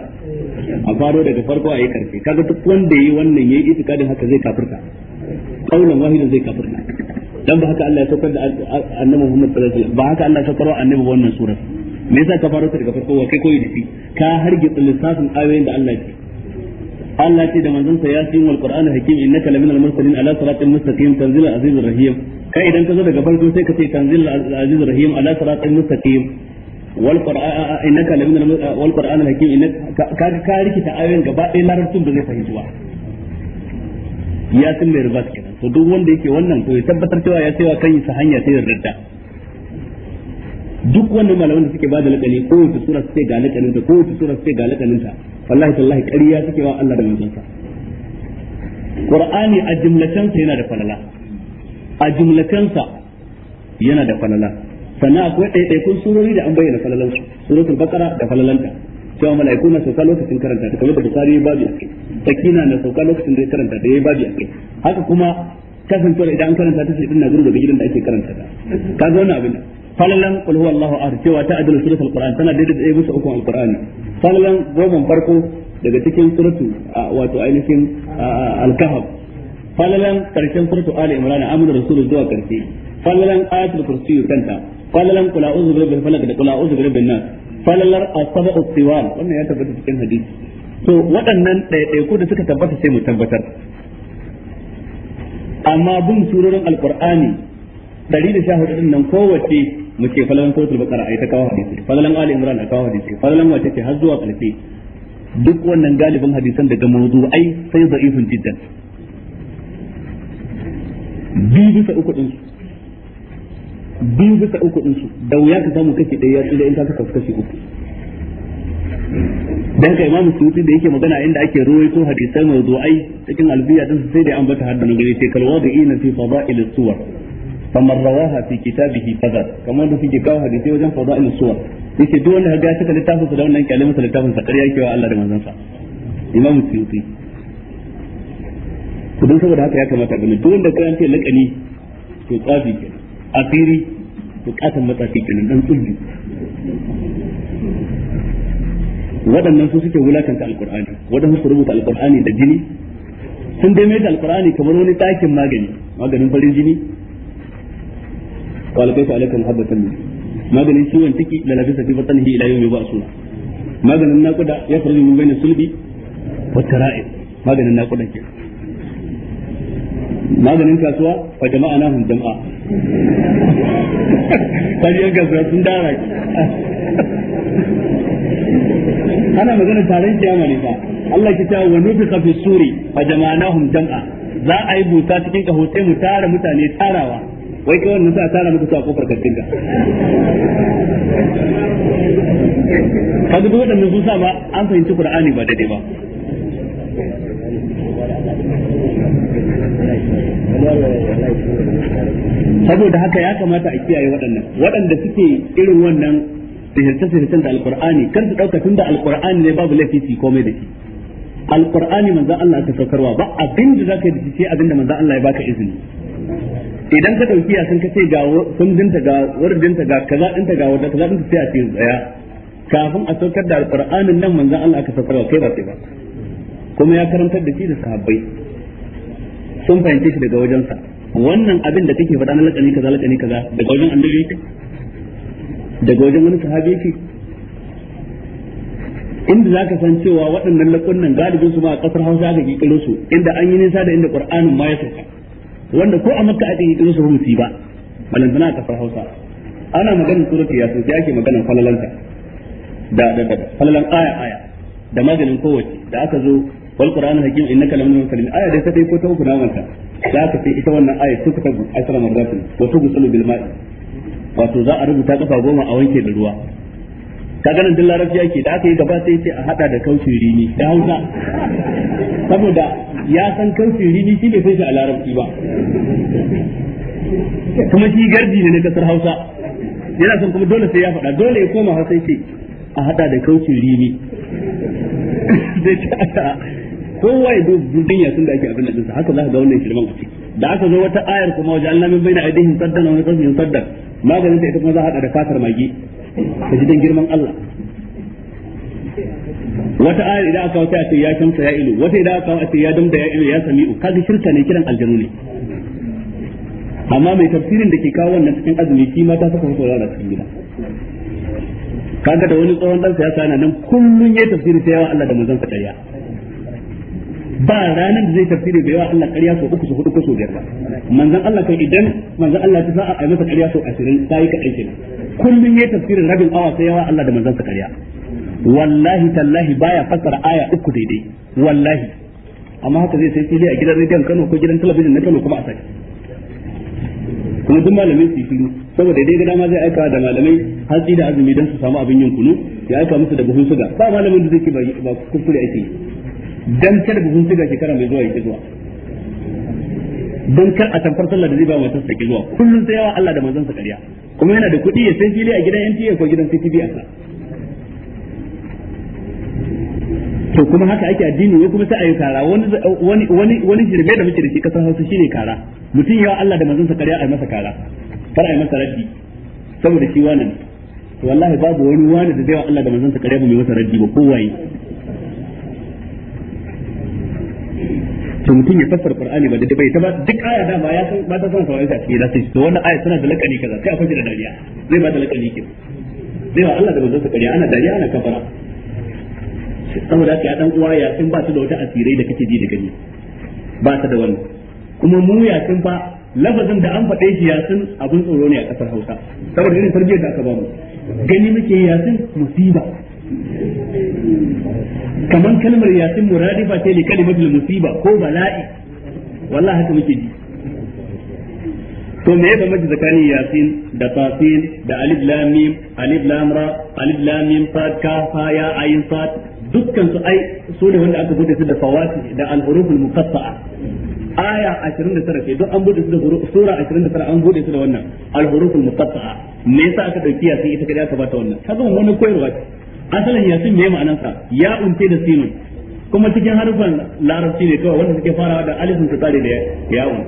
a faro daga farko a yi karfe kaga duk wanda yi wannan yayi itikadin haka zai kafirta kaulan wahida zai kafirta dan ba haka Allah ya saukar da annabi Muhammad sallallahu alaihi ba haka Allah ya saukar wa annabi wannan sura me yasa ka faro daga farko wa kai koyi da ka hargitsa lissafin ayoyin da Allah ya Allah ce da manzon sa yasin wal qur'an hakim innaka lamina al mursalin ala siratin mustaqim tanzil al aziz rahim kai idan ka zo daga farko sai ka ce tanzil al aziz rahim ala siratin mustaqim wal qur'ana innaka lamin wal qur'ana hakim ina ka ka rikita ayoyin gaba ɗaya larabcin ba zai fahimci ba ya san mai riba kenan to duk wanda yake wannan to ya tabbatar cewa ya cewa kan sa hanya ta yarda duk wannan malaman da suke ba da lakani ko wace sura suke ga lakanin ta ko wace sura suke ga lakanin ta wallahi tallahi ƙarya suke wa Allah da manzon sa Qur'ani a jumlatan sa yana da falala a jumlatan sa yana da falala sannan akwai ɗaiɗaikun surori da an bayyana falalansu suratul baqara da falalanta cewa mala'iku na sauka lokacin karanta ta kamar da bukari ya babi kai sakina na sauka lokacin da ya karanta da ya babi kai haka kuma kasancewa idan an karanta ta sai na gurga da gidan da ake karanta ta zo wannan abin falalan kulhu huwallahu ahad cewa ta adala surat qur'an tana daidai da bisa ukun alqur'ani falalan goma farko daga cikin suratu wato ainihin alkahf falalan karshen suratu ali imran da rasulullah zuwa karshe falalan ayatul kursiyu kanta falalan kula uzu bil da wannan ya tabbata cikin hadisi to waɗannan ɗaiɗaiku da suka tabbata sai mu tabbatar amma bin surorin alqur'ani 114 din nan kowace mu ce falalan suratul baqara ai ta kawo hadisi falalan ali imran a kawo hadisi falalan wace ce har zuwa ƙarfi duk wannan galibin hadisan daga mawdu'ai sai da'ifun jiddan biyu bisa uku din su da wuya ka samu kashi ɗaya ya tsira in ka saka kashi uku dan kai imamu suyuti da yake magana inda ake ruwai ko hadisai mawdu'ai cikin albiya din sai da an bata haddan gari sai kalwa da ina fi fada'il suwar kamar rawaha fi kitabihi kaza kamar da suke kawo hadisai wajen fada'il suwar yake duk wanda ga saka littafin sa da wannan kyalin sa littafin sa ƙarya yake wa Allah da manzon sa imamu suyuti to saboda haka ya kamata gani duk wanda kai an ce laƙani to tsabi kenan asiri bukatan matafi kenan dan tsulli waɗannan su suke wulakanta alkur'ani waɗansu su rubuta alkur'ani da jini sun dai mai da alkur'ani kamar wani ɗakin magani maganin farin jini walakai su alaikan habbatan ne maganin ciwon ciki da lafisa fi fatan hi ilayen yau ba suna maganin naƙuda ya faru mun bayan sulbi wata ra'in maganin naƙudan ke maganin kasuwa fa jama'a na hun jama'a kariyar gasuwa sun dara ki ana magana taron kiyama ne fa Allah ki ta wa nufiqa kafin suri fa jama'anahum jam'a za a yi buta cikin kaho sai mu tara mutane tarawa wai kai wannan sa tara muku a kofar kantin ka kaga duk waɗannan sun sa ba an fahimci Qur'ani ba daidai ba Thank you. saboda haka ya kamata a kiyaye waɗannan waɗanda suke irin wannan sihirce-sihircen da Alƙur'ani kan su ɗauka tun da Alƙur'ani ne babu laifi su komai da shi alkur'ani manzan Allah aka saukarwa ba abin da zaka yi sai abin da manzan Allah ya baka izini idan ka ɗauki ya sun kace ga sun dinta ga wurdinta ga kaza dinta ga wadda kaza dinta sai a ce tsaya kafin a saukar da alkur'anin nan manzan Allah aka saukarwa kai ba sai ba kuma ya karantar da shi da sahabbai sun fahimce shi daga wajensa wannan abin da kake faɗa na lakani kaza lakani kaza da wajen annabi yake daga wajen wani sahabi yake inda zaka san cewa waɗannan lakunnan galibin su ba a kasar Hausa ga kikiro su inda an yi nisa da inda Qur'anin ma ya sauka wanda ko a Makka aka kikiro su ba musiba balantana a kasar Hausa ana maganar surati ya sai ake maganin falalanta da da da falalan aya aya da maganin kowace da aka zo wal qur'anul hakim innaka lamun mursalin aya dai ta ko ta uku na manta da aka ce ita wannan aya suka tabu asra marratin wa tughsalu bil ma'i wato za a rubuta kafa goma a wanke da ruwa ka ganin dillar rafi yake da aka yi gaba sai ce a hada da kaushin rini da Hausa saboda ya san kaushin rini shi bai san shi a larabci ba kuma shi gardi ne na kasar Hausa yana son kuma dole sai ya faɗa dole ya koma Hausa sai ce a hada da kaushin rini zai ce kowa ya duk gudun ya da ake abin da dinsa haka za ka ga wannan shirman a da aka zo wata ayar kuma wajen Allah min baina aidihim saddan wa min khalfihim saddan maganin ta ita kuma za haɗa da fatar magi ta ji dan girman Allah wata ayar idan aka wata ce ya shamsa ya ilu wata idan aka wata ya damda ya ilu ya sami'u kaga shirka ne kiran aljanu ne amma mai tafsirin da ke kawo wannan cikin azumi shi ma ta saka hukunta da cikin gida kaga da wani tsohon dan siyasa yana nan kullun ya tafsiri ta yawa Allah da manzon sa ɗaya. ba ranar da zai tafsiri da yawa Allah ƙarya so uku su hudu ko so biyar ba manzon Allah kai idan manzon Allah ta sa'a ai masa ƙarya so 20 sai ka aike kullum yayi tafsirin rabin awa sai yawa Allah da manzon sa ƙarya wallahi tallahi baya fassara aya uku daidai wallahi amma haka zai sai fili a gidan rediyon Kano ko gidan talabijin na Kano kuma a sake kuma duk malamin su shiru saboda dai gada ma zai aika da malamai hatsi da azumi don su samu abin yin kunu ya aika musu da buhun suga ba malamin da zai ke ba kuskure ake yi dan kada bugun siga shekara mai zuwa yake zuwa dan kar a tamfar sallah da zai ba matar sa ki zuwa kullun sai yawa Allah da manzon sa kariya kuma yana da kuɗi ya san fili a gidan NTA ko gidan CTV a sa to kuma haka ake addini wai kuma sai a yi kara wani wani wani wani shirme da muke da shi kasar Hausa shine kara mutum yawa Allah da manzon sa kariya a yi masa kara kar a yi masa raddi saboda shi wannan wallahi babu wani wani da zai wa Allah da manzon sa kariya ba mai masa raddi ba yi to mutum ya fassara qur'ani ba da bai ta ba duk aya da ba ya san ba ta san saurari ta ce sai to wannan aya tana da lakani kaza sai akwai da dariya zai ba da lakani ke zai ba Allah da manzon sa dariya ana dariya ana kafara saboda haka ya dan uwa ya sun ba su da wata asirai da kake ji da gani ba ta da wani kuma mu ya sun fa lafazin da an faɗe shi san abin tsoro ne a kasar Hausa saboda irin tarbiyyar da aka ba mu gani muke san musiba kaman kalmar yasin muradifa ce ne kalimatul musiba ko bala'i wallahi haka muke ji to me yadda mace tsakanin yasin da tasin da alif lam mim alif lam ra alif lam mim fa ka fa ya ayin fa dukkan su ai su ne wanda aka bude su da fawati da alhuruful muqatta'a aya 29 ce duk an bude su da sura 29 an bude su da wannan alhuruful muqatta'a me yasa aka dauki yasin ita kada aka bata wannan kaga wani koyarwa ce asalin yasin me sa ya unte da sinun kuma cikin harufan larabci ne kawai wanda suke farawa da alifin su tare da yawon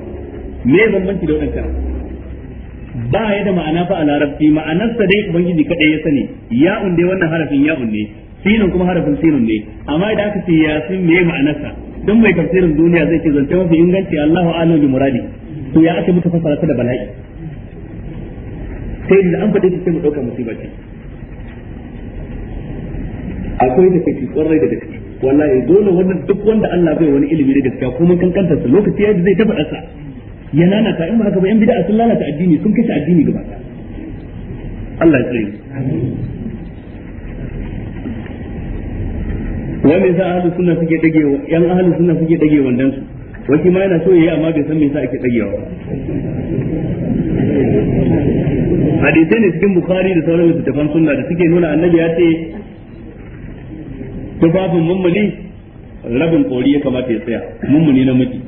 me bambanci da wadanka ba ya da ma'ana fa a larabci sa dai ubangiji kadai ya sani un dai wannan harafin un ne sinin kuma harafin sinin ne amma idan aka ce yasin me sa don mai tafsirin duniya zai ce zance mafi inganci Allahu a'lamu bi muradi to ya aka muka fassara ta da bala'i sai da an faɗi cikin mu dauka musiba ce akwai da kai kwarai da gaske wallahi dole wannan duk wanda Allah bai wani ilimi da gaskiya mun kankanta su lokaci yadda zai tabbata sa ya lalata in ba haka ba yan bid'a sun lalata addini sun kashe addini gaba Allah ya tsare wani yasa ahli sunna suke dage yan ahli sunna suke dage wandan su wani ma yana so yayi amma bai san me yasa ake dagewa hadisi ne cikin bukhari da sauran littattafan sunna da suke nuna annabi ya ce tufafin mummuni rabin kori ya kamata ya tsaya mummuni na miji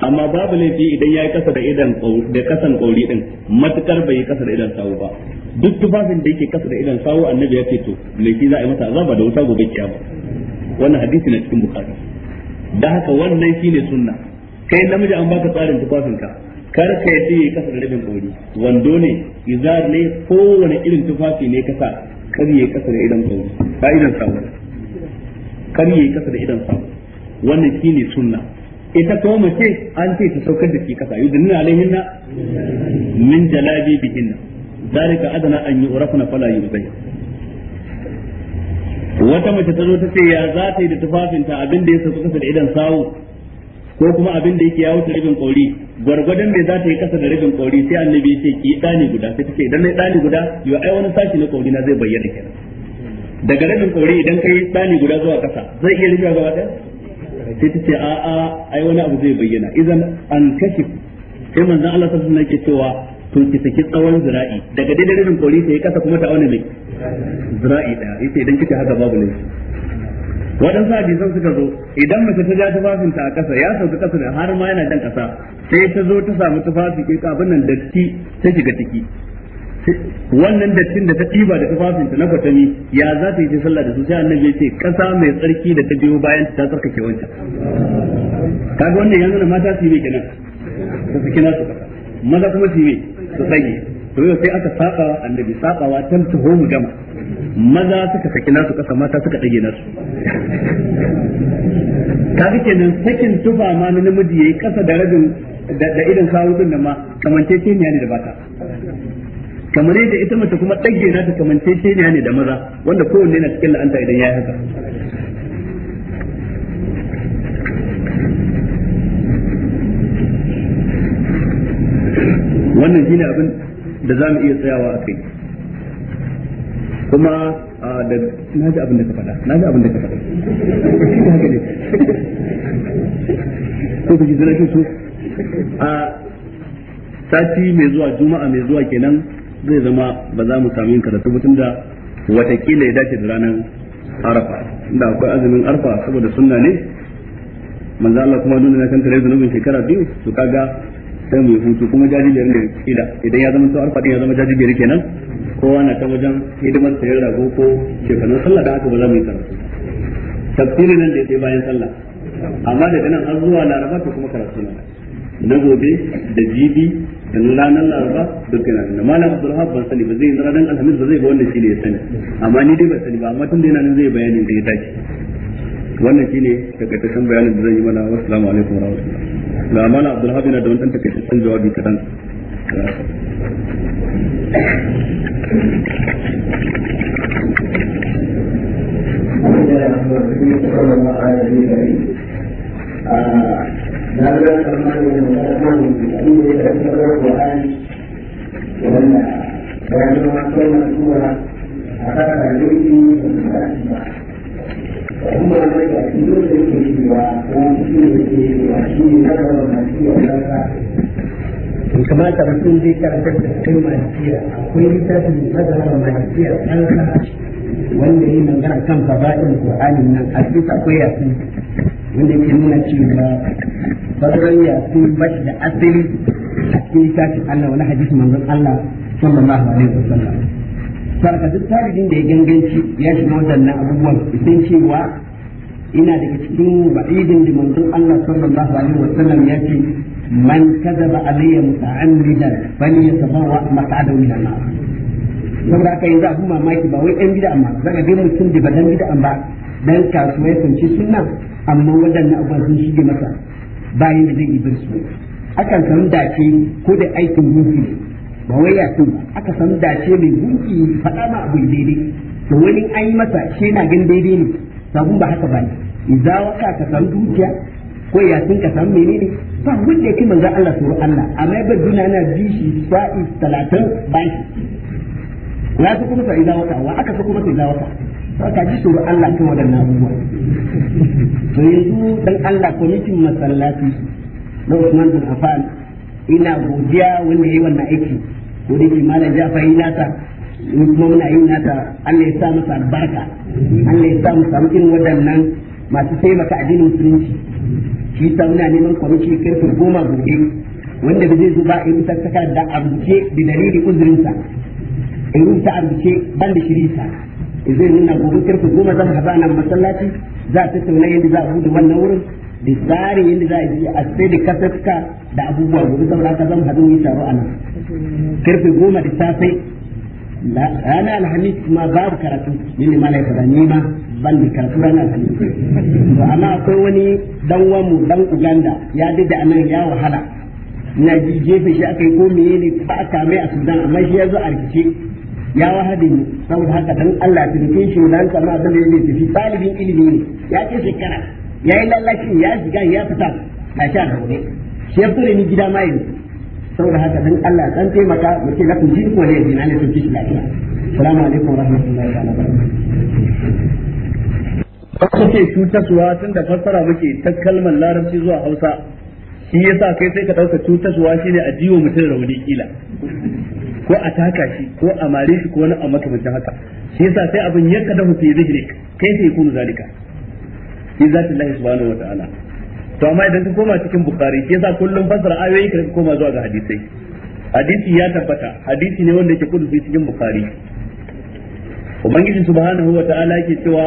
amma babu laifi idan ya yi kasa da idan da kasan kori din matukar bai yi kasa da idan sawu ba duk tufafin da yake kasa da idan sawu annabi ya ce to laifi za a yi masa azaba da wuta gobe kiyama wannan hadisi na cikin bukari da haka wannan shine sunna kai namiji an baka tsarin tufafin ka kar ka yi yayi kasa da rabin kori wando ne izar ne kowane irin tufafi ne kasa kar yayi kasa da idan kauri ka idan sawu kar yi kasa da idan sa wannan shine sunna ita kuma mace an ce ta saukar da shi kasa yudunna alaihinna min jalabi bihinna zalika adana an yi na fala yubayyin wata mace ta zo ta ce ya za ta yi da tufafinta abin da ya sauka kasa da idan sawu ko kuma abin da yake ya wuce ribin kori gwargwadon da za ta yi kasa da ribin kori sai annabi ya ce ki dani guda sai ta ce idan na dani guda yau ai wani sashi na kori na zai bayyana kenan daga rabin kore idan kai tsani guda zuwa kasa zai iya rufe gaba ɗaya sai ta ce a'a ai wani abu zai bayyana idan an kashi sai manzon Allah sallallahu alaihi wasallam ke cewa to ki saki tsawon zira'i daga daidai rabin kore sai kasa kuma ta auna mai zira'i ɗaya yace idan kike haka babu laifi waɗansu hadisan suka zo idan mace ta ja ta a ƙasa ya sauka ƙasa da har ma yana dan kasa sai ta zo ta samu tufafi ke abin nan datti ta shiga ciki wannan dattin da ta ɗiba da tufafinta na kwatami ya za ta yi ta sallah da su sai annabi ya ce ƙasa mai tsarki da ta biyo bayan ta tsarkake wancan kaga wannan ya nuna mata su yi kenan su saki nasu maza kuma su yi su tsage to yau sai aka sabawa annabi sabawa tan taho mu gama maza suka saki nasu ƙasa mata suka ɗage nasu kaga kenan sakin tufa ma na namiji yayi ƙasa da rabin da idan sawu din nan ma ya ne da bata kamar yadda ita mace kuma ɗage na ta kamance ce ne da maza wanda kowanne na cikin la'anta idan ya yi haka wannan shine abin da za mu iya tsayawa a kai kuma da na ji abin da ka faɗa na ji abin da ka faɗa haka ne ko ku ji zira su a sati mai zuwa juma'a mai zuwa kenan zai zama ba za mu sami karatu ba tunda watakila ya dace da ranar arafa inda akwai azumin arafa saboda sunna ne manzo Allah kuma nuna na kanta da nubin shekara biyu to kaga sai mu hutu kuma jajibiyar da kila idan ya zama to arafa din ya zama jajibiyar kenan kowa na ta wajen hidimar sayar rago ko shekarun sallah da aka ba za mu yi karatu tafsirin nan da yake bayan sallah amma da nan har zuwa laraba to kuma karatu na gobe da jibi in ranar laraba duk yana nuna malam abdulhab ban sani ba zai yi ranar alhamis ba zai ga wannan shine ya sani amma ni dai ban sani ba amma tun da yana nan zai bayani da ya dace wannan shine tashan bayanin da zai yi mana assalamu alaikum wa rahmatullahi da malam abdulhab yana da wani takaitaccen jawabi kadan Thank you. نبدأ الرحمن والرحمن بكل ذكر القرآن وأن kamata mutum zai karanta da kai malikiya akwai littafin mazhabar malikiya kansa wanda yi magana kan fada'in qur'anin nan a cikin akwai yasin wanda yake nuna cewa fadaran sun bashi da asali a cikin shafin Allah wani hadisi manzon Allah sallallahu alaihi wasallam sarka duk tarihin da ya ganganci ya shiga waɗannan abubuwan idan cewa ina daga cikin ba'idin da manzon Allah sallallahu alaihi wasallam ya ce man kadaba alayya muta'ammidan fali yatabawwa maq'adahu min Allah saboda haka yanzu abun mamaki ba wai ɗan gida amma zaka ga mutum da ba dan gida amma dan kasuwa ya sunci sunna amma waɗannan abubuwan sun shige masa bayan da zai yi barci akan samu dace ko da aikin gunki ba wai ya sun aka samu dace mai gunki faɗa ma abu daidai to wani an yi masa shi na gan daidai ne sabon ba haka ba ne idza waka ka samu dukiya ko ya sun ka samu menene ba wanda yake manzo Allah suru Allah amma ba duna na ji shi sa'i 30 shi. ya su kuma sai idza waka wa aka su kuma sai idza waka ka ji tsoro Allah kan waɗannan abubuwa to yanzu dan Allah kwamitin masallaci na Usman bin Affan ina godiya wanda yi wannan aiki ko dai malam Jafa yi nata ni kuma muna yin nata Allah ya sa masa albarka Allah ya sa mu samu irin waɗannan masu taimaka addinin musulunci shi ta muna neman kwamitin karfe goma gobe wanda da zai zo ba in ta da abuce da dalilin uzurinsa in ta abuce ban da shirisa zai nuna gobe karfe goma za su haɗu a nan masallaci za a tattauna yadda za a bude wannan wurin da tsarin yadda za a yi a sai da kasafka da abubuwa gobe saboda haka zan haɗu yi taro a nan karfe goma da safe ranar alhamis ma babu karatu ni ne malai fada ni ma ban da karatu rana alhamis amma akwai wani dan wamu dan uganda ya dida nan ya wahala na ji gefe shi aka yi ko meye ne ba a kame a sudan amma shi ya zo a rikice ya wahala ne saboda haka dan Allah ta dake shi dan kana abin da yake tafi talibin ilimi ne ya ce shekara ya yi lallashi ya shiga ya fita ta sha da gobe shi ya fure ni gida ma yanzu saboda haka dan Allah dan taimaka maka ce lakum jin ko ne dinan ne tafi lafiya assalamu alaikum warahmatullahi wabarakatuh ce cutaswa tun da fassara muke ta kalmar larabci zuwa hausa shi yasa kai sai ka ɗauka cutaswa shine a jiwo mutum rauni kila ko a taka shi ko a mare shi ko wani a makamancin haka shi yasa sai abin yanka da fi zihrik kai sai kunu zalika shi zati Allah subhanahu wa ta'ala to amma idan ka koma cikin bukhari shi yasa kullum fasara ayoyi ka koma zuwa ga hadisai hadisi ya tabbata hadisi ne wanda yake kudu cikin bukhari ubangiji subhanahu wa ta'ala yake cewa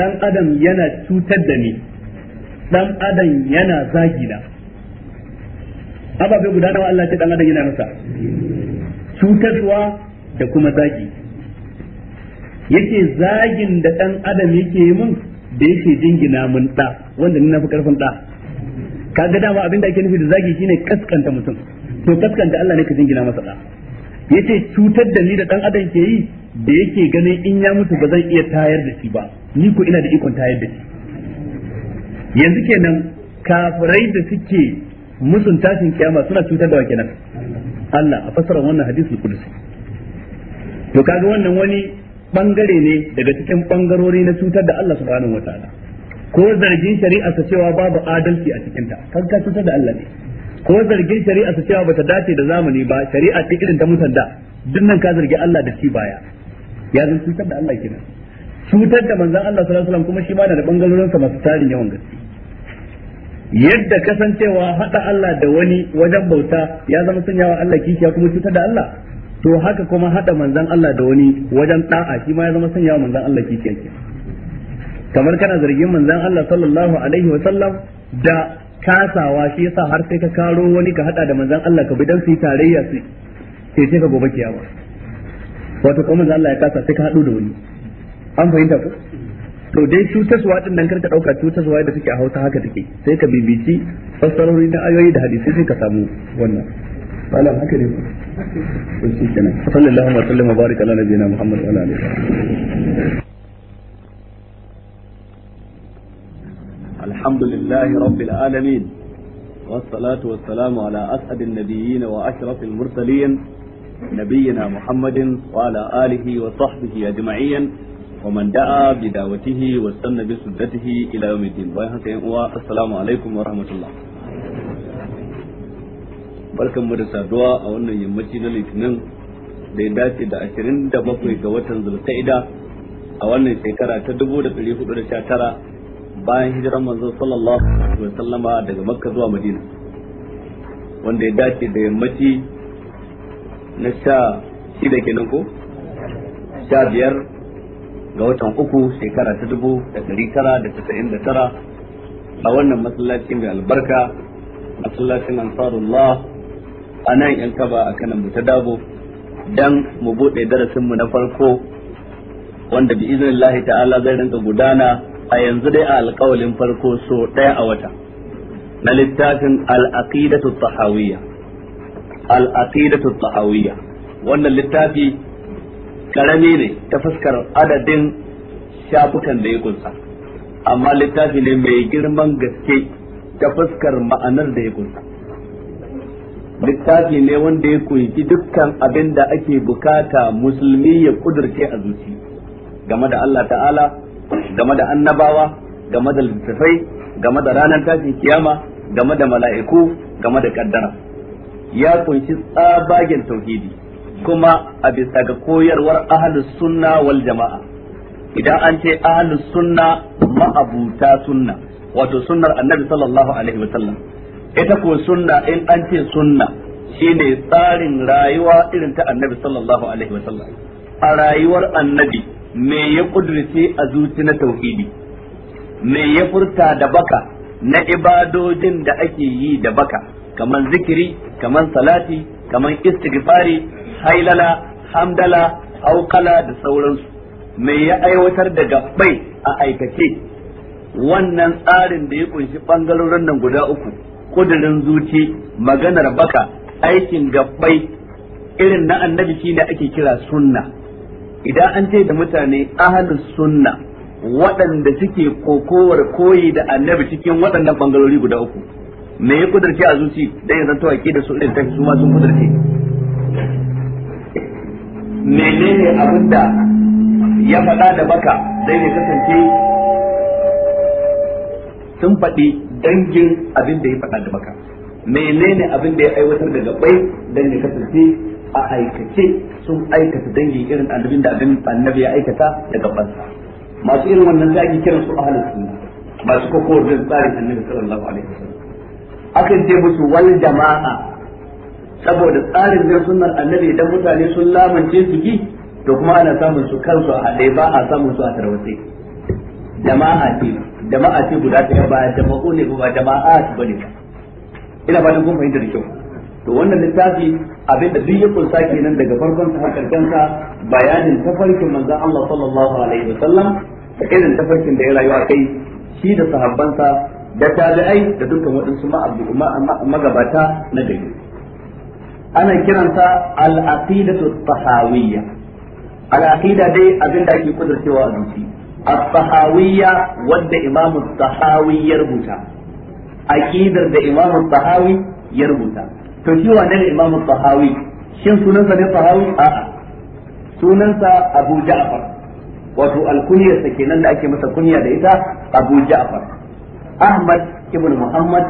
dan adam yana cutar da ni dan adam yana da. ababe guda nawa Allah ce dan adam yana masa cutarwa da kuma zagi yake zagin da ɗan adam yake yi mun da yake jingina mun ɗa wanda ni na fi karfin ɗa kaga dama abin da ake nufi da zagi shine kaskanta mutum to kaskanta Allah ne ka jingina masa ɗa yace cutar da ni da ɗan adam ke yi da yake ganin in ya mutu ba zan iya tayar da shi ba ni ko ina da ikon tayar da shi yanzu kenan kafirai da suke musun tashin kiyama suna cutar da wa kenan Allah a fasara wannan hadisul kudusi to kaga wannan wani bangare ne daga cikin bangarori na cutar da Allah subhanahu wataala ko zargin shari'a sa cewa babu adalci a cikin ta kan ka cutar da Allah ne ko zargin shari'a sa cewa bata dace da zamani ba shari'a ta irin ta musanda dukkan ka zargi Allah da shi baya ya zan cutar da Allah kenan cutar da manzon Allah sallallahu alaihi wasallam kuma shi ma da bangarorin sa masu tarin yawan gaske yadda kasancewa hada Allah da wani wajen bauta ya zama sanyawa Allah kishiya kuma cutar da Allah to haka kuma hada manzan Allah da wani wajen da'a shi ma ya zama sanyawa manzan Allah kishiya kamar kana zargin manzan Allah sallallahu alaihi wa da kasawa shi yasa har sai ka karo wani ka hada da manzan Allah ka bi dan su tarayya su sai sai ka gobe kiyama wato kuma manzon Allah ya kasa sai ka hadu da wani an fahimta ko to dai cutaswa din nan karka dauka cutaswa da ke a Hausa haka take sai ka bibici fassarori na ayoyi da hadisi sai ka samu wannan malam haka ne ko shi kenan sallallahu alaihi wa sallam baraka ala nabiyina muhammad wa ala alihi alhamdulillahi rabbil alamin والصلاة والسلام على أسعد النبيين وأشرف المرسلين نبينا محمد وعلى آله وصحبه أجمعين ومن دعا بدعوته واستنى بسنته الى يوم الدين باي haka yan uwa assalamu alaikum wa rahmatullah barkan mu da saduwa a wannan yammaci na litinin da ya dace da 27 ga watan Zulka'ida, a wannan shekara ta 1419 bayan hijirar manzo sallallahu alaihi wa sallama daga makka zuwa madina wanda ya dace da yammaci na sha shida kenan ko sha biyar ga watan uku shekara ta dubu da dari tara da tasa'in da tara a wannan masallacin mai albarka masallacin ansarullah a nan yan kaba a kanan mu ta dabo dan mu buɗe darasinmu na farko wanda bi izinin lahi ta'ala zai rinka gudana a yanzu dai a alƙawalin farko so ɗaya a wata na littafin al'aqidatu tahawiyya al'aqidatu tahawiyya wannan littafi karami ne ta fuskar adadin shafukan da ya kunsa amma littafi ne mai girman gaske ta fuskar ma'anar da ya kunsa littafi ne wanda ya kunshi dukkan abin da ake bukata musulmi ya kudurce a zuci game da Allah ta'ala game da annabawa game da Littafai, game da ranar tashin kiyama game da mala'iku game da kaddara ya kunshi tsabagen tauhidi kuma a bisa ga koyarwar ahlus sunna wal jama'a idan an ce ahlus sunna ma'abuta sunna wato sunnar annabi sallallahu alaihi wa sallam, ita ko sunna in an ce sunna shine tsarin rayuwa irin ta annabi sallallahu alaihi wa sallam. a rayuwar annabi me ya kudurce a zuci na tauhidi me ya furta da baka na ibadojin da ake yi da baka kamar zikiri kamar salati kamar istighfari hailala hamdala aukala da sauransu mai ya aiwatar da gabbai a aikace wannan tsarin da ya kunshi bangarorin nan guda uku kudurin zuci maganar baka aikin gabbai irin na annabi shine ake kira sunna idan an ce da mutane ahlus sunna waɗanda suke kokowar koyi da annabi cikin waɗannan bangarori guda uku me ya kudurce a zuci dan ya zanto da su irin ta su ma sun kudurce menene abin da ya faɗa da baka zai ne kasance sun faɗi dangin abin da ya faɗa da baka menene abin da ya aiwatar da gabai dan ya kasance a aikace sun aikata dangin irin annabin da abin annabi ya aikata da gabansa masu irin wannan sai ake kiran su ahlus sunna masu kokowar tsarin annabi sallallahu alaihi wasallam akan ce musu wal jama'a saboda tsarin bin sunnar annabi idan mutane sun lamance su bi to kuma ana samun su kansu a haɗe ba a samun su a tarwatsi jama'a ce jama'a ce guda ta ba jama'u ne ba jama'a ba ne ina fatan kun fahimta da kyau to wannan littafi abin da duk ya kunsa kenan daga farkon sa har karshen sa bayanin tafarkin manzon Allah sallallahu alaihi wasallam da irin tafarkin da ya rayu a kai shi da sahabbansa da tabi'ai da dukkan waɗansu magabata na gari ana kiransa al-aqidatu tahawiyya al-aqida dai abin da ake kudurcewa a zuci al tahawiyya wanda imamu tahawi ya rubuta aqidar da imamu tahawi ya rubuta to shi wa ne imamu tahawi shin sunansa ne tahawi a'a sunansa abu ja'far wato alkunyarsa kenan da ake masa kunya da ita abu ja'far ahmad ibn muhammad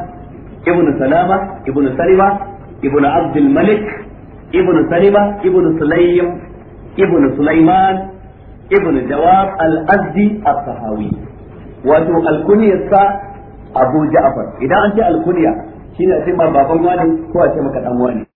ibn salama ibn salima ibnu abdul malik ibnu salima ibnu sulaym ibnu sulaiman ibnu jawab al-azdi as-sahawi wato alkunyarsa abu ja'far idan an ce alkunya shine a ce ma baban wani ko a ce maka dan wani